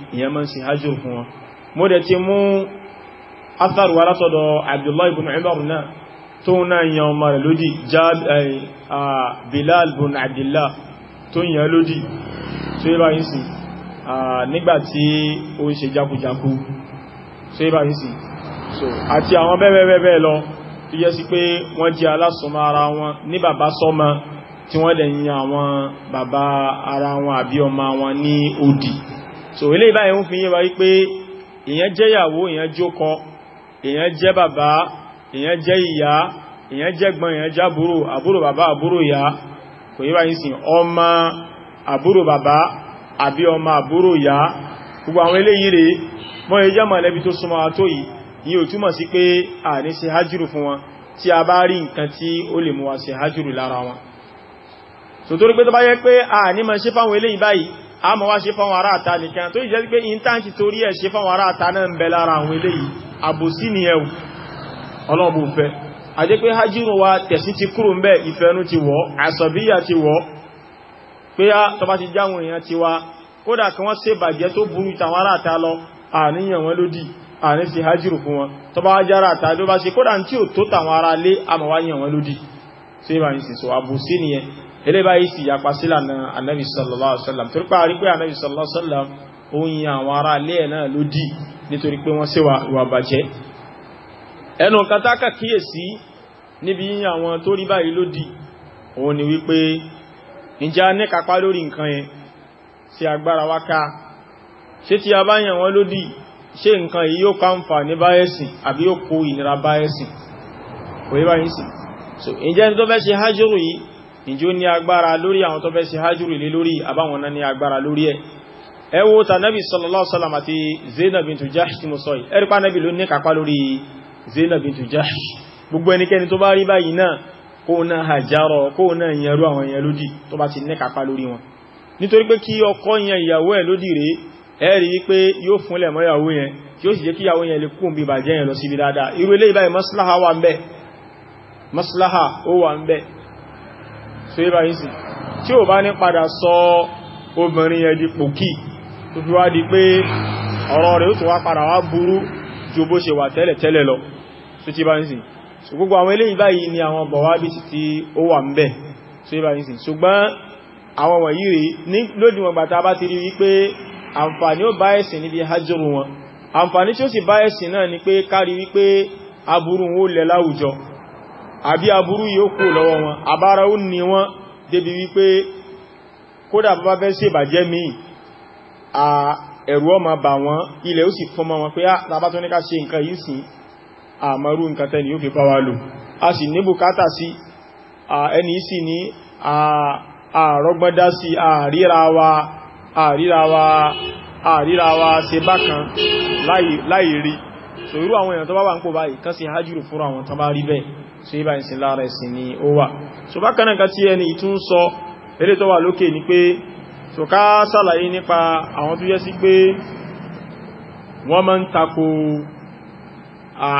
ìyẹn máa ń ṣe hajjúr fún wọn mo dẹ̀ ti mú atharu wa abdullahi ibn umar náà tó ń náà yan ọmọ rẹ̀ lódì bilal ibn abdullah tó yan lódì tó yẹ báyìí sí nígbàtí ó ń ṣe jákújákú tó yẹ báyìí sí àti àwọn bẹ́ẹ̀bẹ́ẹ̀ lọ tó yẹ sí pé wọ́n jẹ́ alásọmọ́ ara wọn ní bàbá sọ́mọ́ tí so ilé ìbáyẹ̀ ń fi yíwa wípé èyàn jẹ́ ìyàwó èyàn jókọ èyàn jẹ́ bàbá èyàn jẹ́ ìyá èyàn jẹ́ gbọ́n èyàn jẹ́ àbúrò àbúrò bàbá àbúrò ìyá kò yíwa yìí sìn ọmọ àbúrò bàbá àbí ọmọ àbúrò ìyá gbogbo àwọn eléyìí rèé mọ́ ẹjẹ́ mọ̀lẹ́bí tó súnmọ́ àtó yìí yìí ò túmọ̀ sí pé à ní ṣe hajjúrù fún wọn tí a bá rí nǹkan tí ó lè mú wa ṣe hajjúrù lára wọn so torí pé tó bá yẹ pé à ní mọ̀ ṣe fáwọn eléyìí báyìí a mọ̀ wá ṣe fáwọn ará àta nìkan tó ìjẹ́ pé intanṣi torí ẹ̀ ṣe fáwọn ará náà ń bẹ lára àwọn eléyìí àbòsí ni ẹ̀wù ọlọ́bù fẹ́ a jẹ́ pé hajjírun wa tẹ̀sí ti kúrò mbẹ́ ìfẹ́nu ti wọ́ àsọ̀bíyà ti wọ́ pé á tọba ti jáwọn èèyàn ti wá kódà kí wọ́n ṣe bàjẹ́ tó burú ìtàwọn ará àta lọ àníyàn wọn lódì àní sí hajjírù fún wọn tọba ajá ará àta eléba yìí sì yapa sílà na anabi sallallahu alaihi wasallam torí pé a rí pé anabi sallallahu alaihi wasallam ó ń yan àwọn ará ilé ẹ̀ náà lódì nítorí pé wọ́n ṣèwà ìwà bàjẹ́ ẹnu nǹkan tá níbi yíyan àwọn tó rí báyìí lódì òun ni wípé ǹjẹ́ a níkapá lórí nǹkan yẹn tí agbára wá ká ṣé tí a bá yàn wọ́n lódì ṣé nǹkan yìí yóò kàǹfà ní báyẹ̀sìn àbí yóò kó ìnira báyẹ̀sìn òye báyìí sì ǹjẹ́ ẹni tó fẹ́ ṣe hájúrù yìí ìjó ní agbára lórí àwọn tó fẹ́ sí hajjúrù lé lórí àbáwọn náà ní agbára lórí ẹ̀ ẹ wo ta nabi sallallahu alaihi wasallam àti Zainab bintu Jahsh tí mo sọ yìí ẹ̀rí pa nabi ló ní kápá lórí Zainab bintu Jahsh gbogbo ẹnikẹ́ni tó bá rí báyìí náà kó náà hajjarọ kó náà yẹrú àwọn yẹn lódì tó bá ti ní kápá lórí wọn nítorí pé kí maslaha wà ń bẹ so yíba yìí sí tí ò bá ní padà sọ obìnrin yẹn di pòkì tó fi wá di pé ọ̀rọ̀ rẹ̀ ó tó wá padà wá burú ju bó ṣe wà tẹ́lẹ̀ tẹ́lẹ̀ lọ so tí bá ń sì so gbogbo àwọn eléyìí báyìí ni àwọn bọ̀wá bí sí tí ó wà ń bẹ̀ so yíba yìí sí ṣùgbọ́n àwọn wọ̀nyí rí ní lódiwọ̀n gbàtà bá ti rí wípé àǹfààní ó bá ẹ̀sìn níbi hajjọ́rù wọn àǹfààní tí ó sì bá ẹ̀sìn náà ni pé kárí wípé aburú wọn ó lẹ láwùjọ àbí aburú yóò kú lọ́wọ́ wọn àbára ó ní wọn débi wípé kódà bá fẹ́ ṣe ìbàjẹ́ mi à ẹ̀rù ó máa bà wọ́n ilẹ̀ ó sì fún mọ́ wọn pé á ah, tàbá tó ní ká ṣe nǹkan yìí sí àmọ́rú nǹkan tẹ́ni yóò fi bá lò a sì ní bùkátà sí ẹni sì ní àrọ́gbọ́dá sí àríra wa àríra wa àríra láì so irú àwọn èèyàn tó bá wà ń pò báyìí kán sí hajjúrù fúnra àwọn tán bá rí so ibà ìsìn lára ẹ̀sìn ni ó wà so bákan náà tí ẹni ìtún sọ eré tó wà lókè ni pé so ká sàlàyé nípa àwọn tó yẹ sí pé wọ́n máa ń tako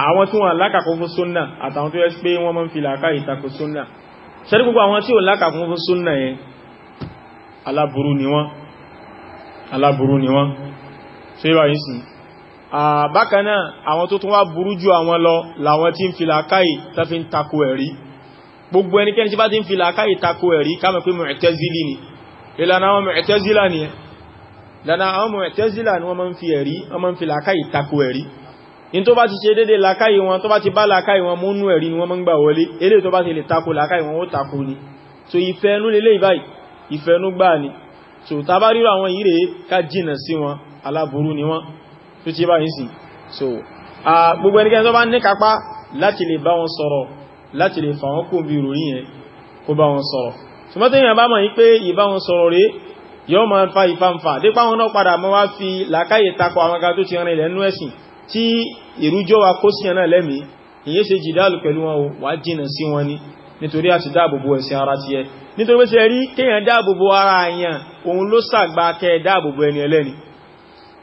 àwọn tí wọ́n lákàkún fún súnnà àtàwọn tó yẹ sí pé wọ́n máa ń fi làákà ìtako súnnà ṣẹ́rí gbogbo àwọn tí ò lákàkún fún súnnà yẹn aláburú ni wọ́n aláburú ni wọ́n so ibà ìsìn bákanáà àwọn tó tún wá burú jù àwọn lọ làwọn tí ń fi làákàyè tó fi ń tako ẹ̀rí gbogbo ẹnikẹ́ni tí bá ti ń fi làákàyè tako ẹ̀rí ká mọ̀ pé ni ìlànà àwọn Mu'tazila ni ìlànà àwọn ni wọ́n máa ń fi ẹ̀rí wọ́n máa ń fi làákàyè tako ẹ̀rí in tó bá ti ṣe dédé ni so ìfẹ́nú lélẹ́ ìbáyìí ìfẹ́nú gbà so tá bá ríro àwọn yìí rèé ká jìnà sí tó ti bá yìí sí so gbogbo ẹnikẹ́ni tó bá ní kápá láti lè bá wọn sọ̀rọ̀ láti lè fà wọn kó bí ìròyìn yẹn kó bá wọn sọ̀rọ̀ ṣùgbọ́n tẹ́yìn àbámọ̀ yí pé ìbá wọn sọ̀rọ̀ rèé yọ́ ma fa ìfàǹfà dípá wọn náà padà mọ́ wá fi làkáyè takọ àwọn ga tó ti rìn ilẹ̀ nú ẹ̀sìn tí ìrújọ́ wa kó sí ẹ̀nà lẹ́mí ìyẹ́ ṣe jìdáàlù pẹ̀lú wọn wà ni nítorí àti dáàbòbò ẹ̀sìn ara ti ẹ nítorí pé ṣe rí kéèyàn dáàbòbò ara àyàn òun ló sàgbà kẹ dáàbòbò ẹni ẹlẹ́ni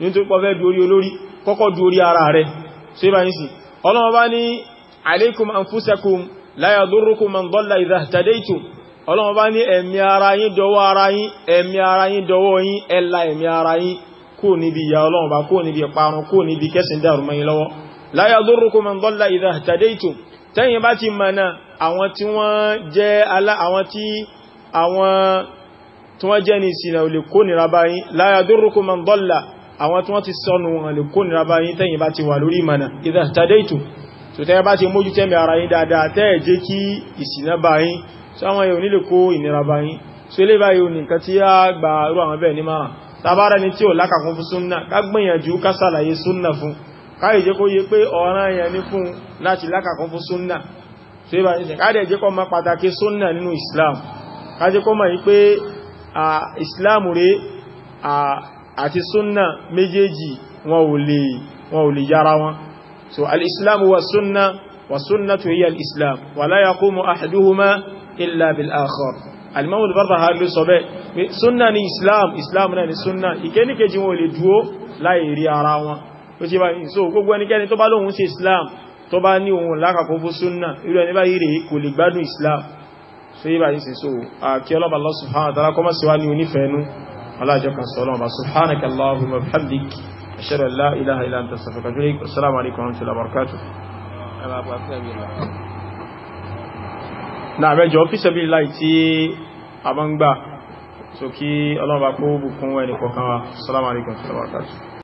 ní tó pọ̀ fẹ́ du orí olórí kọ́kọ́ du orí ara rẹ̀ ṣe bá yìí sí ọlọ́wọ́ bá ní alaikum anfusakum la yadurrukum man dalla idha ihtadaytum ọlọ́wọ́ bá ní ẹ̀mí ara yín dọwọ́ ara yín ẹ̀mí ara yín dọwọ́ yín ẹ̀la ẹ̀mí ara yín kó níbi ìyà ọlọ́wọ́ bá kó níbi ìparun kó níbi kẹsìn dàrú mọ́ yín lọ́wọ́ man dalla idha tẹ́yìn bá ti mọ̀ náà àwọn tí wọ́n jẹ́ alá àwọn tí àwọn tí wọ́n jẹ́ ní ìsìnà ò kó nira báyìí la yadurrukum man dalla àwọn tí wọ́n ti sọnù wọn lè kó nira bá yín tẹ́yìn bá ti wà lórí ìmọ̀nà ìdá tàdéìtù tó tẹ́yìn bá ti mójú tẹ́mì ara yín dáadáa tẹ́ẹ̀ jẹ́ kí ìsìnà bá yín tó àwọn yóò nílè kó ní ni tí ò lákàkún fún súnnà ká gbìyànjú ká sàlàyé súnnà fún káyè jẹ́ kó yé pé ọ̀ràn yẹn ní fún láti lákàkún fún súnnà tó ibà níṣẹ́ ká dẹ̀ Islam ká jẹ́ àti súnnà méjèèjì wọn ò lè wọn ò lè yára wọn so al-islam wa súnnà wa sunnatu hiya al-islam wa la yaqumu ahaduhuma illa bil-akhar al-imam al-barbahari ló sọ bẹ́ẹ̀ súnnà ni islam islam náà ni súnnà ìkẹ́nìkejì wọn lè dúó láì rí wọn sí islam tó bá ní ohun lákàkún fún ní onífẹ́ẹ̀nú alájọ́ kan sọ lọ́wọ́ bá subhanaka allahumma bihamdik ashhadu an la ilaha illa anta astaghfiruka wa atubu ilaik assalamu alaikum wa rahmatullahi wa barakatuh náà rẹjọ fi sabilillahi tí a bá ń gbà